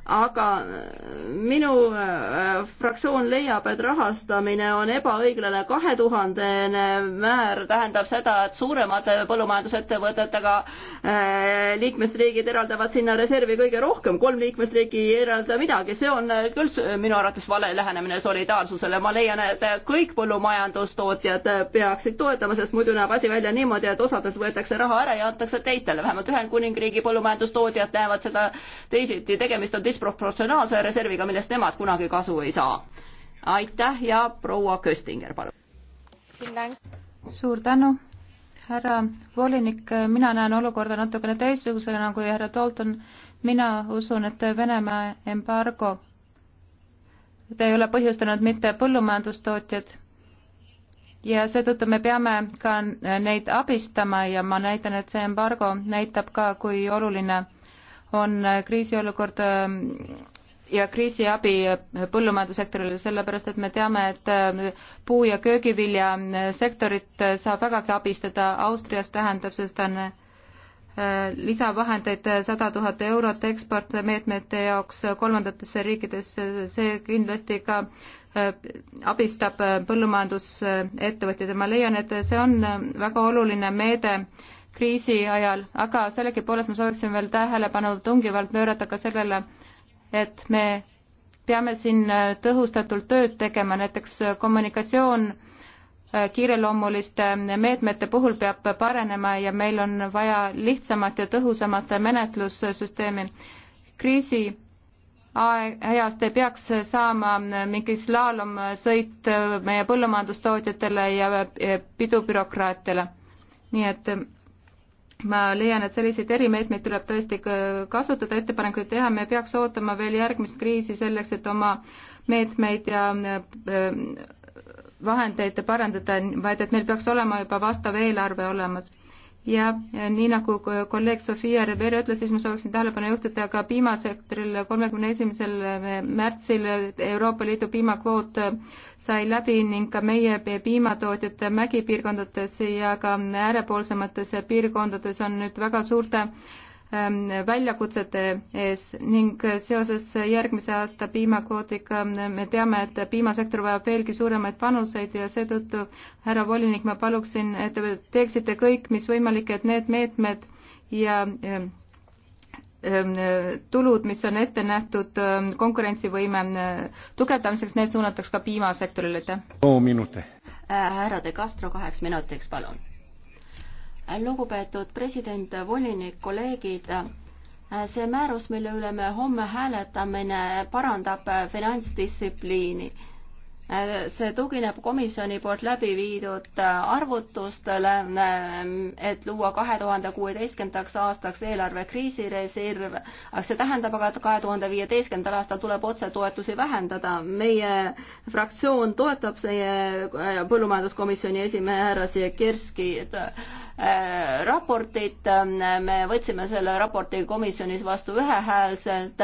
aga äh, minu äh, fraktsioon leiab, et rahastamine on ebaõiglane. kahe tuhandene määr tähendab seda, et suuremate põllumajandusettevõtetega äh, liikmesriigid eraldavad sinna reservi kõige rohkem, kolm liikmesriiki ei eralda midagi, see on küll minu arvates vale lähenemine solidaarsusele. ma leian, et kõik põllumajandustootjad peaksid toetama, sest muidu näeb asi välja niimoodi, et osadelt võetakse raha ära ja antakse teistele, vähemalt Ühendkuningriigi põllumajandustootjad näevad seda teisiti, tegemist on dis-, siis proportsionaalse reserviga, millest nemad kunagi kasu ei saa. aitäh ja proua Köstinger, palun. suur tänu, härra volinik, mina näen olukorda natukene teistsugusena kui nagu härra Dalton. mina usun, et Venemaa embargo et ei ole põhjustanud mitte põllumajandustootjad ja seetõttu me peame ka neid abistama ja ma näitan, et see embargo näitab ka, kui oluline on kriisiolukord äh, ja kriisiabi äh, põllumajandussektorile, sellepärast et me teame, et äh, puu- ja köögivilja sektorit saab vägagi abistada, Austrias tähendab see seda lisavahendeid sada tuhat eurot eksportmeetmete jaoks kolmandatesse riikidesse, see kindlasti ka abistab põllumajandusettevõtjaid ja ma leian, et see on väga oluline meede kriisi ajal, aga sellegipoolest ma sooviksin veel tähelepanu tungivalt pöörata ka sellele, et me peame siin äh, tõhustatult tööd tegema, näiteks äh, kommunikatsioon äh, kiireloomuliste meetmete puhul peab parenema ja meil on vaja lihtsamat ja tõhusamat menetlussüsteemi. kriisi ajast ei peaks saama mingi slaalomsõit meie põllumajandustootjatele ja pidubürokraatiale. nii et ma leian, et selliseid erimeetmeid tuleb tõesti kasutada, ettepanekuid teha, me peaks ootama veel järgmist kriisi selleks, et oma meetmeid ja äh, vahendeid parandada, vaid et meil peaks olema juba vastav eelarve olemas ja, ja nii nagu kolleeg Sofia Rivera ütles, siis ma sooviksin tähelepanu juhtida ka piimasektorile. kolmekümne esimesel eh, märtsil Euroopa Liidu piimakvoot eh, sai läbi ning ka meie piimatootjate mägipiirkondades ja ka äärepoolsemates piirkondades on nüüd väga suurte Ähm, väljakutsete ees ning seoses järgmise aasta piimakvoodiga me teame, et piimasektor vajab veelgi suuremaid panuseid ja seetõttu, härra volinik, ma paluksin, et te teeksite kõik, mis võimalik, et need meetmed ja ähm, ähm, tulud, mis on ette nähtud konkurentsivõime äh, tugevdamiseks, need suunataks ka piimasektorile, aitäh. Äh, härra De Castro kaheks minutiks, palun lugupeetud president, volinik, kolleegid see määrus, mille üle me homme hääletamine, parandab finantsdistsipliini. see tugineb komisjoni poolt läbi viidud arvutustele, et luua kahe tuhande kuueteistkümnendaks aastaks eelarve kriisireserv. see tähendab aga, et kahe tuhande viieteistkümnendal aastal tuleb otsetoetusi vähendada. meie fraktsioon toetab põllumajanduskomisjoni esimehe härra Siekierski raportit, me võtsime selle raporti komisjonis vastu ühehäälselt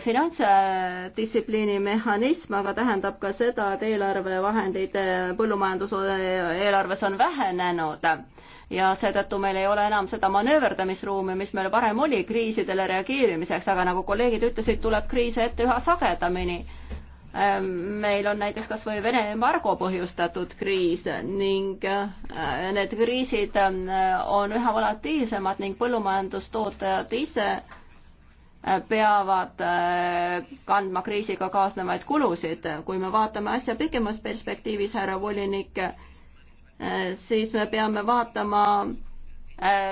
finantsdistsipliini mehhanism aga tähendab ka seda, et eelarvevahendid põllumajanduseelarves on vähenenud ja seetõttu meil ei ole enam seda manööverdamisruumi, mis meil varem oli kriisidele reageerimiseks, aga nagu kolleegid ütlesid, tuleb kriise ette üha sagedamini Ähm, meil on näiteks kas või Vene embargo põhjustatud kriis ning äh, need kriisid äh, on üha volatiilsemad ning põllumajandustootjad ise äh, peavad kandma kriisiga kaasnevaid kulusid. kui me vaatame asja pikemas perspektiivis, härra volinik, siis me peame vaatama,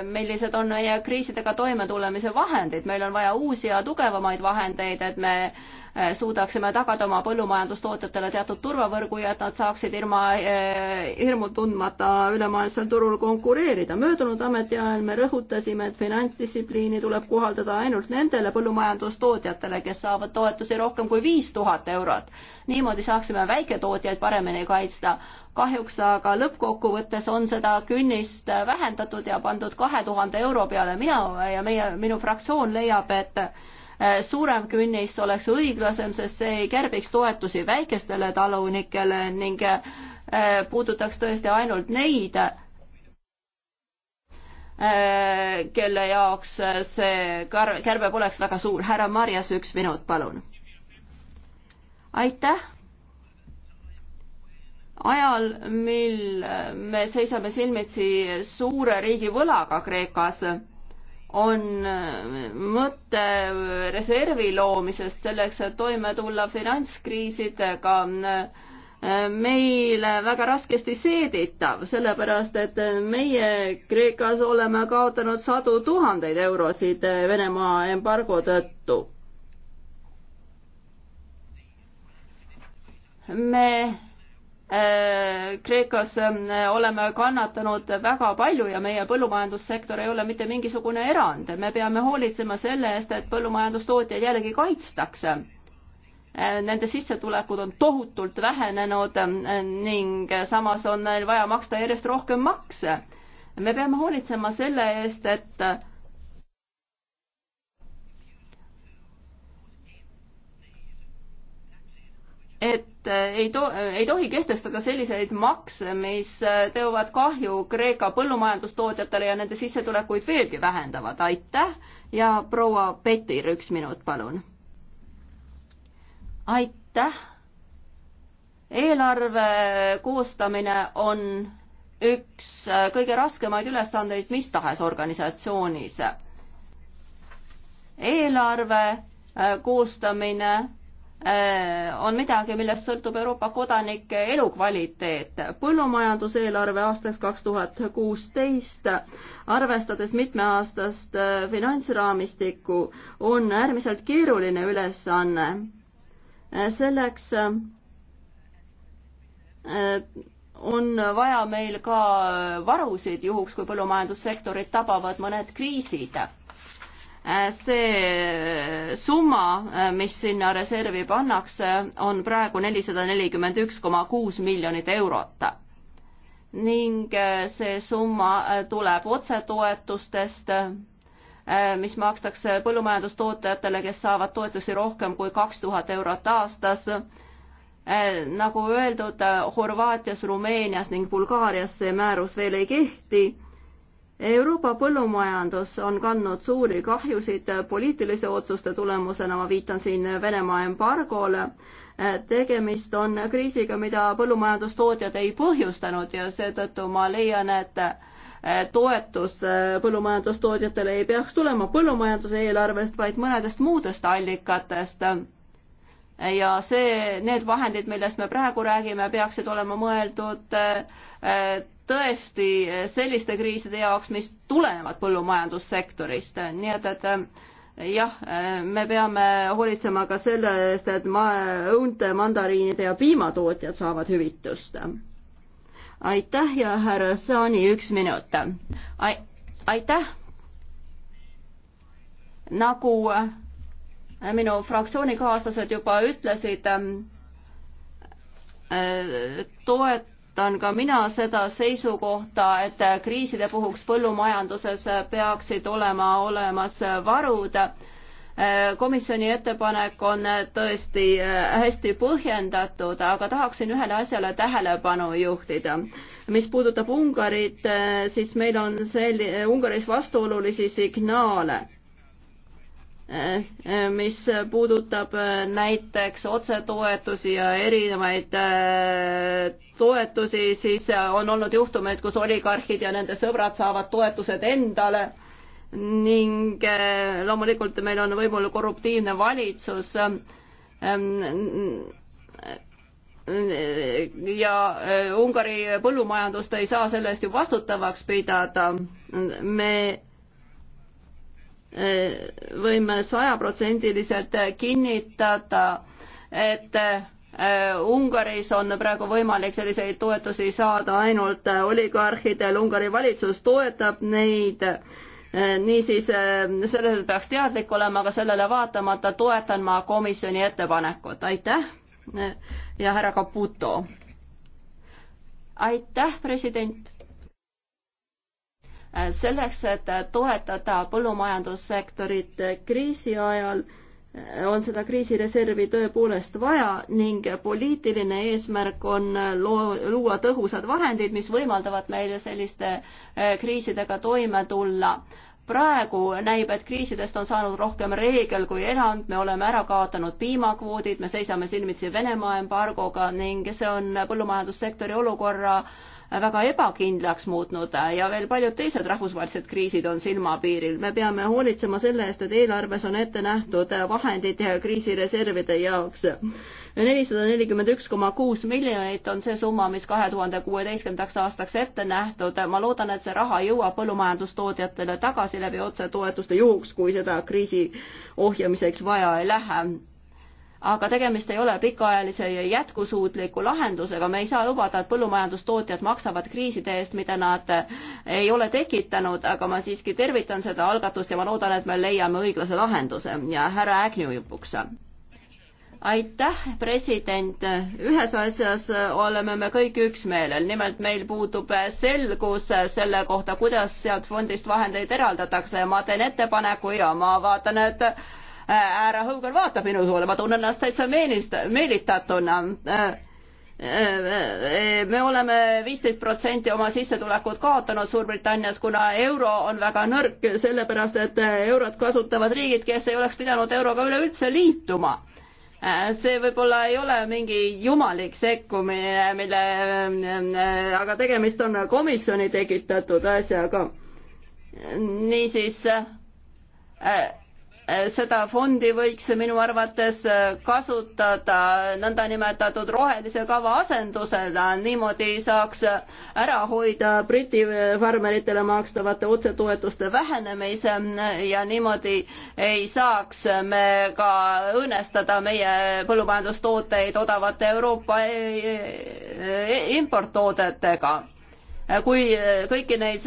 millised on meie kriisidega toimetulemise vahendid. meil on vaja uusi ja tugevamaid vahendeid, et me Äh, suudaksime tagada oma põllumajandustootjatele teatud turvavõrgu ja et nad saaksid ilma äh, hirmu tundmata ülemaailmsel turul konkureerida. möödunud ametiajal me rõhutasime, et finantsdistsipliini tuleb kohaldada ainult nendele põllumajandustootjatele, kes saavad toetusi rohkem kui viis tuhat eurot. niimoodi saaksime väiketootjaid paremini kaitsta kahjuks aga lõppkokkuvõttes on seda künnist vähendatud ja pandud kahe tuhande euro peale. mina ja meie, minu fraktsioon leiab, et Eh, suurem künnis oleks õiglasem, sest see ei kärbiks toetusi väikestele talunikele ning eh, puudutaks tõesti ainult neid, eh, kelle jaoks see kar-, kärbe poleks väga suur. härra Marjas, üks minut, palun. aitäh ajal, mil me seisame silmitsi suure riigivõlaga Kreekas on mõte reservi loomisest selleks, et toime tulla finantskriisidega meile väga raskesti seeditav, sellepärast et meie Kreekas oleme kaotanud sadu tuhandeid eurosid Venemaa embargo tõttu. me Kreekas ähm, oleme kannatanud väga palju ja meie põllumajandussektor ei ole mitte mingisugune erand. me peame hoolitsema selle eest, et põllumajandustootjaid jällegi kaitstakse. Äh, nende sissetulekud on tohutult vähenenud ähm, ning samas on neil vaja maksta järjest rohkem makse. me peame hoolitsema selle eest, et et et eh, ei to-, eh, ei tohi kehtestada selliseid makse, mis eh, teevad kahju Kreeka põllumajandustootjatele ja nende sissetulekuid veelgi vähendavad, aitäh ja proua Petir, üks minut, palun. aitäh. eelarve koostamine on üks kõige raskemaid ülesandeid mis tahes organisatsioonis. eelarve koostamine Äh, on midagi, millest sõltub Euroopa kodanike elukvaliteet. põllumajanduseelarve aastaks kaks tuhat kuusteist, arvestades mitmeaastast äh, finantsraamistikku, on äärmiselt keeruline ülesanne. Äh, selleks on vaja meil ka varusid juhuks, kui põllumajandussektorit tabavad mõned kriisid Äh, see äh, summa, äh, mis sinna reservi pannakse, on praegu nelisada nelikümmend üks koma kuus miljonit eurot. ning see summa tuleb otsetoetustest, mis makstakse põllumajandustootjatele, kes saavad toetusi rohkem kui kaks tuhat eurot aastas. nagu öeldud, Horvaatias, Rumeenias ning Bulgaarias see määrus veel ei kehti Euroopa põllumajandus on kandnud suuri kahjusid poliitilise otsuste tulemusena, ma viitan siin Venemaa embargole, tegemist on kriisiga, mida põllumajandustootjad ei põhjustanud ja seetõttu ma leian, et toetus äh, põllumajandustootjatele ei peaks tulema põllumajanduse eelarvest, vaid mõnedest muudest allikatest ja see, need vahendid, millest me praegu räägime, peaksid olema mõeldud äh, tõesti eh, selliste kriiside jaoks, mis tulenevad põllumajandussektorist, nii et, et eh, jah, eh, me peame hoolitsema ka selle eest, et ma-, õunte, mandariinide ja piimatootjad saavad hüvitust. aitäh ja härra Saani, üks minut. aitäh! nagu minu fraktsioonikaaslased juba ütlesid, toet-, toetan ka mina seda seisukohta, et kriiside puhuks põllumajanduses peaksid olema olemas varud. komisjoni ettepanek on tõesti hästi põhjendatud, aga tahaksin ühele asjale tähelepanu juhtida mis puudutab Ungarit, siis meil on selli-, Ungaris vastuolulisi signaale mis puudutab äh, näiteks otsetoetusi ja erinevaid äh, toetusi, siis äh, on olnud juhtumeid, kus oligarhid ja nende sõbrad saavad toetused endale ning loomulikult meil on võimul korruptiivne valitsus ähm, ja Ungari põllumajandust ei saa selle eest ju vastutavaks pidada. me võime sajaprotsendiliselt kinnitada, et äh, Ungaris on praegu võimalik selliseid toetusi saada ainult oligarhidel, Ungari valitsus toetab neid, äh, niisiis äh, sellele peaks teadlik olema, aga sellele vaatamata toetan ma komisjoni ettepanekut, aitäh ja härra Caputo. aitäh, president selleks, et toetada põllumajandussektorit kriisi ajal, on seda kriisireservi tõepoolest vaja ning poliitiline eesmärk on loo-, luua tõhusad vahendid, mis võimaldavad meile selliste eh, kriisidega toime tulla. praegu näib, et kriisidest on saanud rohkem reegel kui erand, me oleme ära kaotanud piimakvoodid, me seisame silmitsi Venemaa embargoga ning see on põllumajandussektori olukorra äh, väga ebakindlaks muutnud ja veel paljud teised rahvusvahelised kriisid on silmapiiril. me peame hoolitsema selle eest, et eelarves on ette nähtud vahendid kriisireservide jaoks. nelisada nelikümmend üks koma kuus miljonit on see summa, mis kahe tuhande kuueteistkümnendaks aastaks ette nähtud. ma loodan, et see raha jõuab põllumajandustootjatele tagasi läbi otsetoetuste juhuks, kui seda kriisi ohjamiseks vaja ei lähe aga tegemist ei ole pikaajalise ja jätkusuutliku lahendusega, me ei saa lubada, et põllumajandustootjad maksavad kriiside eest, mida nad ei ole tekitanud, aga ma siiski tervitan seda algatust ja ma loodan, et me leiame õiglase lahenduse ja härra Agnew jupuks. aitäh, president, ühes asjas oleme me kõik üksmeelel, nimelt meil puudub selgus selle kohta, kuidas sealt fondist vahendeid eraldatakse ja ma teen ettepaneku ja ma vaatan, et härra äh, Hõugel vaatab minu poole, ma tunnen ennast täitsa meenist, meelitatuna. Äh, äh, me oleme viisteist protsenti oma sissetulekut kaotanud Suurbritannias, kuna euro on väga nõrk, sellepärast et eurot kasutavad riigid, kes ei oleks pidanud euroga üleüldse liituma see võib-olla ei ole mingi jumalik sekkumine, mille, aga tegemist on komisjoni tekitatud asjaga. niisiis äh, seda fondi võiks minu arvates kasutada nõndanimetatud rohelise kava asendusena, niimoodi saaks ära hoida Briti farmeritele makstavate otsetoetuste vähenemise ja niimoodi ei saaks me ka õõnestada meie põllumajandustooteid odavate Euroopa e- e- e- importtoodetega kui äh, kõiki neid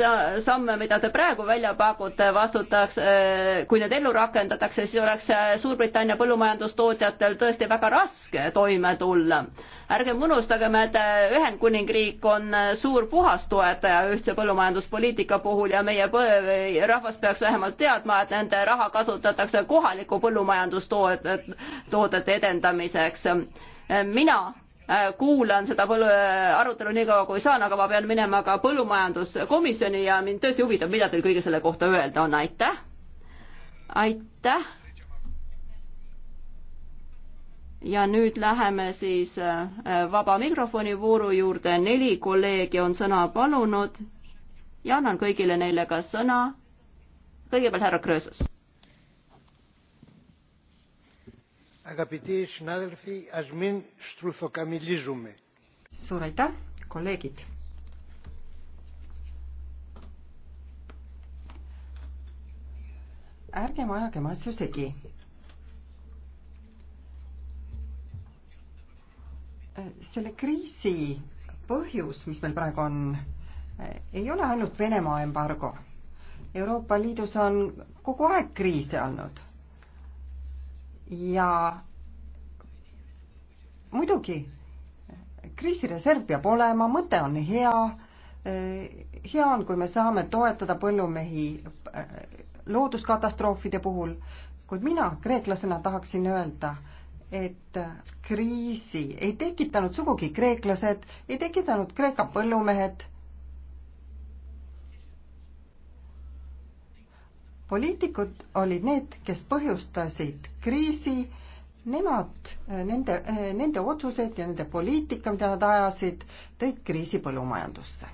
samme, mida te praegu välja pakute, vastutaks, äh, kui need ellu rakendatakse, siis oleks äh, Suurbritannia põllumajandustootjatel tõesti väga raske toime tulla. ärgem unustagem, et Ühendkuningriik on suur puhastoetaja ühtse põllumajanduspoliitika puhul ja meie rahvas peaks vähemalt teadma, et nende raha kasutatakse kohaliku põllumajandustoodete edendamiseks. mina Äh, kuulan seda põl-, äh, arutelu nii kaua, kui saan, aga ma pean minema ka põllumajanduskomisjoni ja mind tõesti huvitab, mida teil kõige selle kohta öelda on, aitäh! aitäh! ja nüüd läheme siis äh, vaba mikrofoni vooru juurde, neli kolleegi on sõna palunud ja annan kõigile neile ka sõna. kõigepealt härra Kröösus Αγαπητοί συνάδελφοι, ας μην στρουθοκαμιλίζουμε. Suur aitäh, kolleegid! ärgem ajagem asju segi. selle kriisi põhjus, mis meil praegu on, ei ole ainult Venemaa embargo. Euroopa Liidus on kogu aeg kriise olnud ja muidugi, kriisireserv peab olema, mõte on hea, hea on, kui me saame toetada põllumehi äh, looduskatastroofide puhul, kuid mina kreeklasena tahaksin öelda, et kriisi ei tekitanud sugugi kreeklased, ei tekitanud Kreeka põllumehed poliitikud olid need, kes põhjustasid kriisi, nemad, eh, nende, eh, nende otsused ja nende poliitika, mida nad ajasid, tõid kriisi põllumajandusse.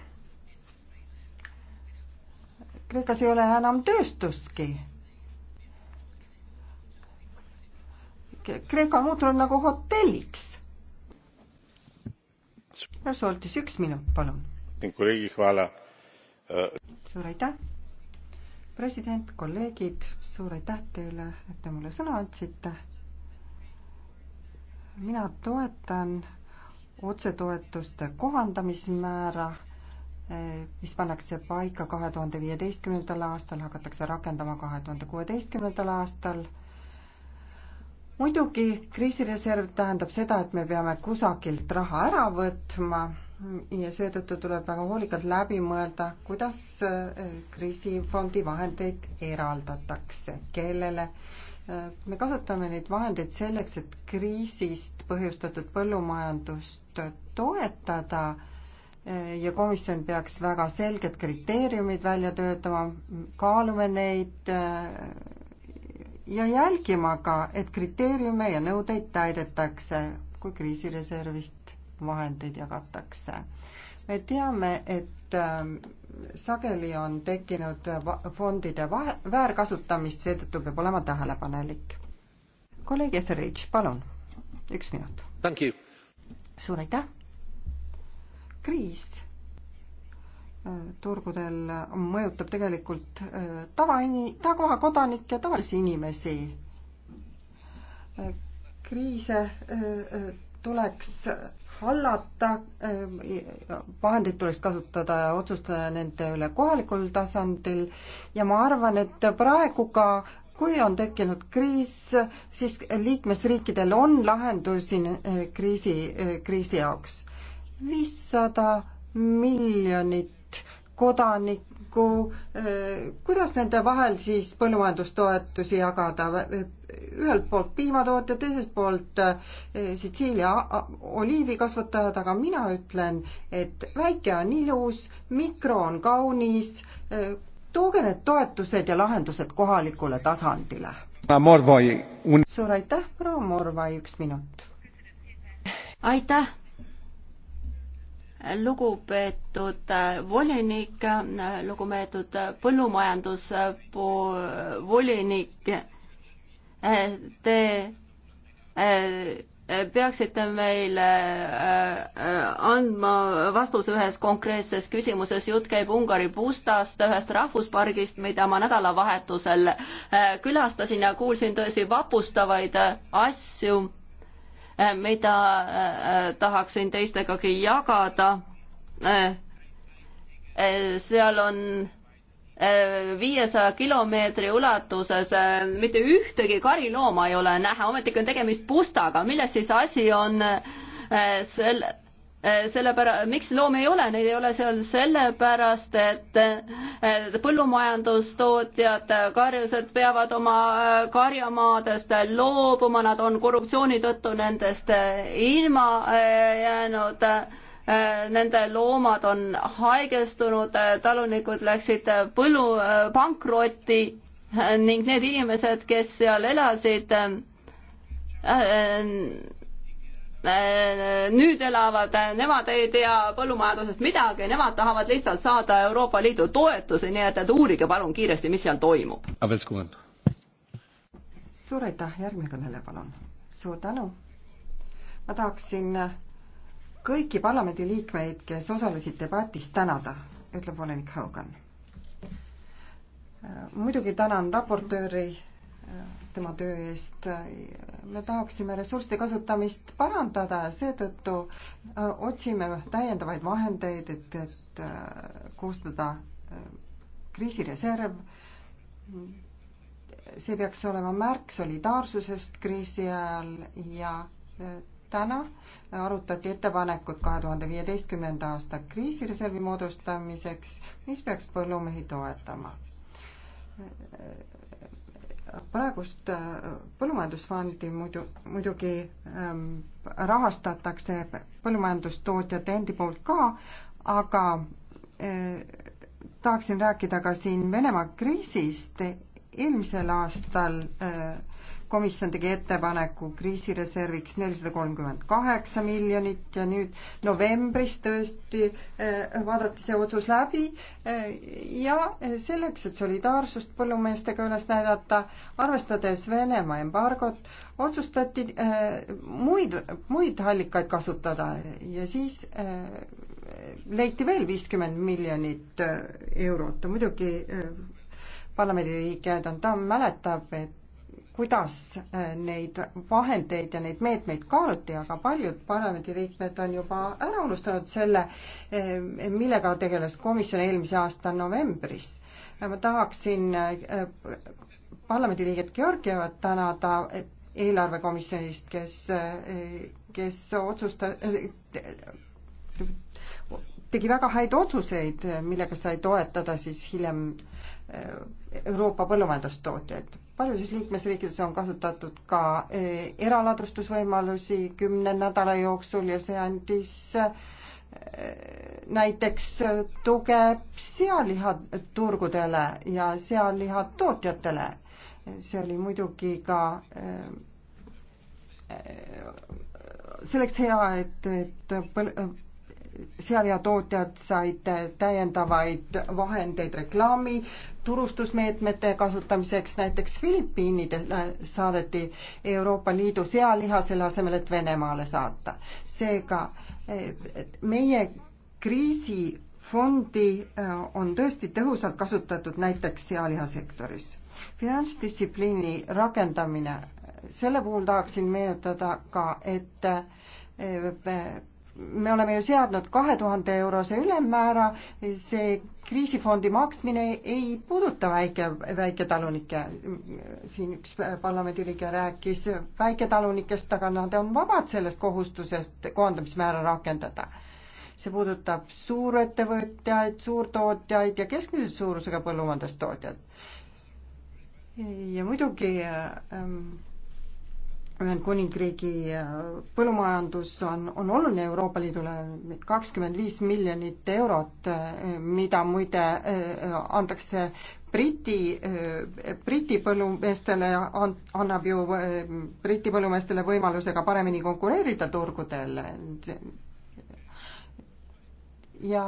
Kreekas ei ole enam tööstustki. Kreeka on muutunud nagu hotelliks. Soltis, üks minut, palun. suur aitäh president, kolleegid, suur aitäh teile, et te mulle sõna andsite. mina toetan otsetoetuste kohandamismäära, eh, mis pannakse paika kahe tuhande viieteistkümnendal aastal, hakatakse rakendama kahe tuhande kuueteistkümnendal aastal. muidugi kriisireserv tähendab seda, et me peame kusagilt raha ära võtma ja seetõttu tuleb väga hoolikalt läbi mõelda, kuidas eh, kriisifondi vahendeid eraldatakse, kellele. Eh, me kasutame neid vahendeid selleks, et kriisist põhjustatud põllumajandust toetada eh, ja komisjon peaks väga selged kriteeriumid välja töötama, kaalume neid ja jälgima ka, et kriteeriume ja nõudeid täidetakse, kui kriisireservist vahendeid jagatakse. me teame, et ähm, sageli on tekkinud fondide vahe, väärkasutamist, seetõttu peab olema tähelepanelik. kolleeg Etheridge, palun, üks minut. suur aitäh. kriis äh, turgudel mõjutab tegelikult äh, tavaini-, tavakodanikke, tavalisi inimesi. Äh, kriise tuleks hallata, ehm, vahendid tuleks kasutada ja otsustada nende üle kohalikul tasandil ja ma arvan, et praegu ka kui on tekkinud kriis, siis liikmesriikidel on lahendusi eh, kriisi, eh, kriisi jaoks. viissada miljonit kodanikku, eh, kuidas nende vahel siis põllumajandustoetusi jagada? ühelt poolt piimatootjad, teiselt poolt eh, Sitsiilia oliivikasvatajad, aga mina ütlen, et väike on ilus, mikro on kaunis, eh, tooge need toetused ja lahendused kohalikule tasandile. suur aitäh, proua Morvai, üks minut. aitäh lugupeetud äh, volinik, äh, lugupeetud äh, põllumajandusvolinik, te peaksite meile andma vastuse ühes konkreetses küsimuses, jutt käib Ungari Pustast, ühest rahvuspargist, mida ma nädalavahetusel külastasin ja kuulsin tõesti vapustavaid asju Äh, mida äh, tahaksin teistegagi jagada. Äh, seal on viiesaja kilomeetri ulatuses mitte ühtegi karilooma ei ole näha, ometigi on tegemist pustaga, milles siis asi on sel-, Eh, sellepärast, miks loomi ei ole, neid ei ole seal sellepärast, et eh, põllumajandustootjad, eh, karjused peavad oma karjamaadest loobuma, nad on korruptsiooni tõttu nendest ilma jäänud. Nende loomad on haigestunud, talunikud läksid põllu, pankrotti ning need inimesed, kes seal elasid, Äh, nüüd elavad, äh, nemad ei tea põllumajandusest midagi, nemad tahavad lihtsalt saada Euroopa Liidu toetusi, nii et, et uurige palun kiiresti, mis seal toimub. suur aitäh, järgmine kõneleja, palun. suur tänu. ma tahaksin kõiki parlamendiliikmeid, kes osalesid debatis, tänada, ütleb volinik Haugan. Äh, muidugi tänan raportööri tema töö eest. me tahaksime ressursside kasutamist parandada ja seetõttu äh, otsime täiendavaid vahendeid, et, et äh, koostada äh, kriisireserv. see peaks olema märk solidaarsusest kriisi ajal ja täna arutati ettepanekut kahe tuhande viieteistkümnenda aasta kriisireservi moodustamiseks, mis peaks põllumehi toetama praegust äh, põllumajandusfondi muidu, muidugi ähm, rahastatakse põllumajandustootjate endi poolt ka, aga äh, tahaksin rääkida ka siin Venemaa kriisist. eelmisel aastal äh, komisjon tegi ettepaneku kriisireserviks nelisada kolmkümmend kaheksa miljonit ja nüüd novembris tõesti eh, vaadati see otsus läbi eh, ja selleks, et solidaarsust põllumeestega üles näidata, arvestades Venemaa embargot, otsustati eh, muid, muid allikaid kasutada ja siis leiti veel viiskümmend miljonit eurot, muidugi parlamendiliige Dantam mäletab, et kuidas äh, neid vahendeid ja neid meetmeid kaaluti, aga paljud parlamendiliikmed on juba ära unustanud selle, äh, millega tegeles komisjon eelmise aasta novembris. Äh, ma tahaksin parlamendiliiget Georgievat tänada eelarvekomisjonist, kes, kes otsusta-, tegi väga häid otsuseid, millega sai toetada siis hiljem Euroopa põllumajandustootjaid. paljudes liikmesriikides on kasutatud ka e, eraladustusvõimalusi kümne nädala jooksul ja see andis e, näiteks tuge sealihaturgudele ja sealihatootjatele. see oli muidugi ka e, selleks hea, et, et sealiatootjad said täiendavaid vahendeid reklaami turustusmeetmete kasutamiseks, näiteks Filipiinidele saadeti Euroopa Liidu sealiha selle asemel, et Venemaale saata. seega meie kriisifondi äh, on tõesti tõhusalt kasutatud näiteks sealihasektoris. finantsdistsipliini rakendamine, selle puhul tahaksin meenutada ka, et äh, me oleme ju seadnud kahe tuhande eurose ülemmäära, see kriisifondi maksmine ei puuduta väike, väiketalunikke. siin üks parlamendiliige rääkis väiketalunikest, aga nad on vabad sellest kohustusest koondamismäära rakendada see puudutab suurettevõtjaid, suurtootjaid ja keskmise suurusega põllumajandustootjaid. ja muidugi ähm, Ühendkuningriigi äh, põllumajandus on, on oluline Euroopa Liidule, kakskümmend viis miljonit eurot, äh, mida muide äh, antakse Briti, Briti põllumeestele, annab ju Briti põllumeestele võimaluse ka paremini konkureerida turgudel. ja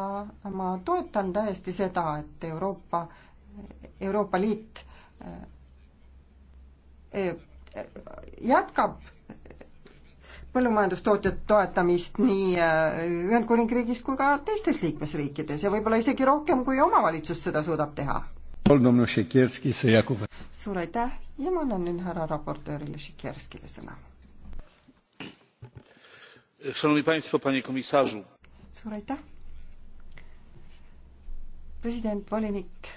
ma toetan täiesti seda, et Euroopa, Euroopa Liit jätkab põllumajandustootjate toetamist nii äh, Ühendkuningriigis kui ka teistes liikmesriikides ja võib-olla isegi rohkem, kui omavalitsus seda suudab teha. suur aitäh ja ma annan nüüd härra raportöörile Sikerskile sõna. suur aitäh. president, volinik,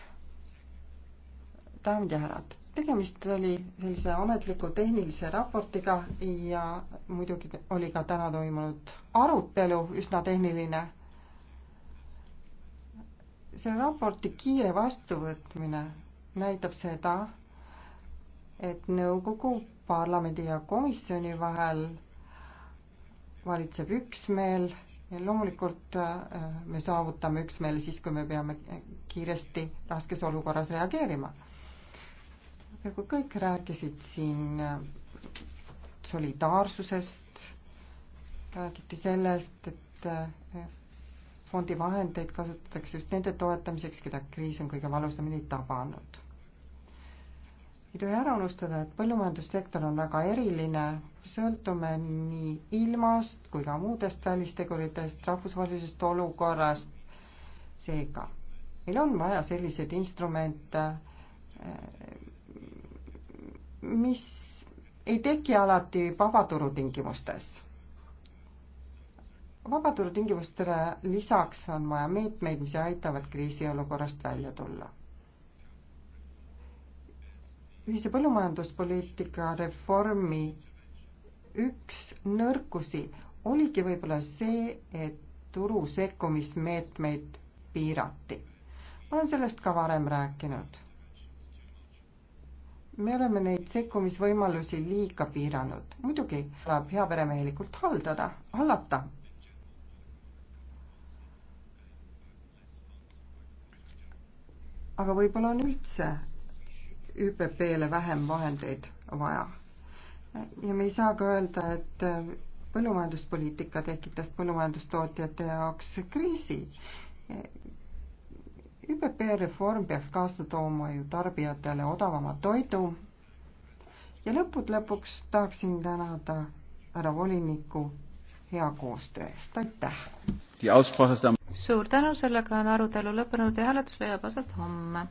daamid ja härrad tegemist oli sellise ametliku tehnilise raportiga ja muidugi oli ka täna toimunud arutelu üsna tehniline. selle raporti kiire vastuvõtmine näitab seda, et nõukogu, parlamendi ja komisjoni vahel valitseb üksmeel ja loomulikult äh, me saavutame üksmeele siis, kui me peame kiiresti raskes olukorras reageerima peaaegu kõik rääkisid siin äh, solidaarsusest, räägiti sellest, et äh, fondi vahendeid kasutatakse just nende toetamiseks, keda kriis on kõige valusamini tabanud. ei tohi ära unustada, et põllumajandussektor on väga eriline, sõltume nii ilmast kui ka muudest välisteguritest, rahvusvahelisest olukorrast, seega meil on vaja selliseid instrumente, äh, mis ei teki alati vabaturu tingimustes. vabaturu tingimustele lisaks on vaja meetmeid, mis aitavad kriisiolukorrast välja tulla ühise põllumajanduspoliitika reformi üks nõrkusi oligi võib-olla see, et turu sekkumismeetmeid piirati. ma olen sellest ka varem rääkinud me oleme neid sekkumisvõimalusi liiga piiranud. muidugi tuleb heaperemehelikult haldada, hallata. aga võib-olla on üldse ÜPP-le vähem vahendeid vaja. ja me ei saa ka öelda, et põllumajanduspoliitika tekitas põllumajandustootjate jaoks kriisi ÜPP reform peaks kaasa tooma ju tarbijatele odavama toidu. ja lõppude lõpuks tahaksin tänada härra volinikku hea koostöö eest, aitäh! suur tänu, sellega on arutelu lõppenud ja hääletus leiab aset homme.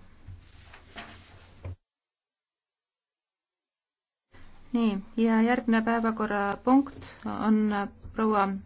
nii, ja järgmine päevakorrapunkt on proua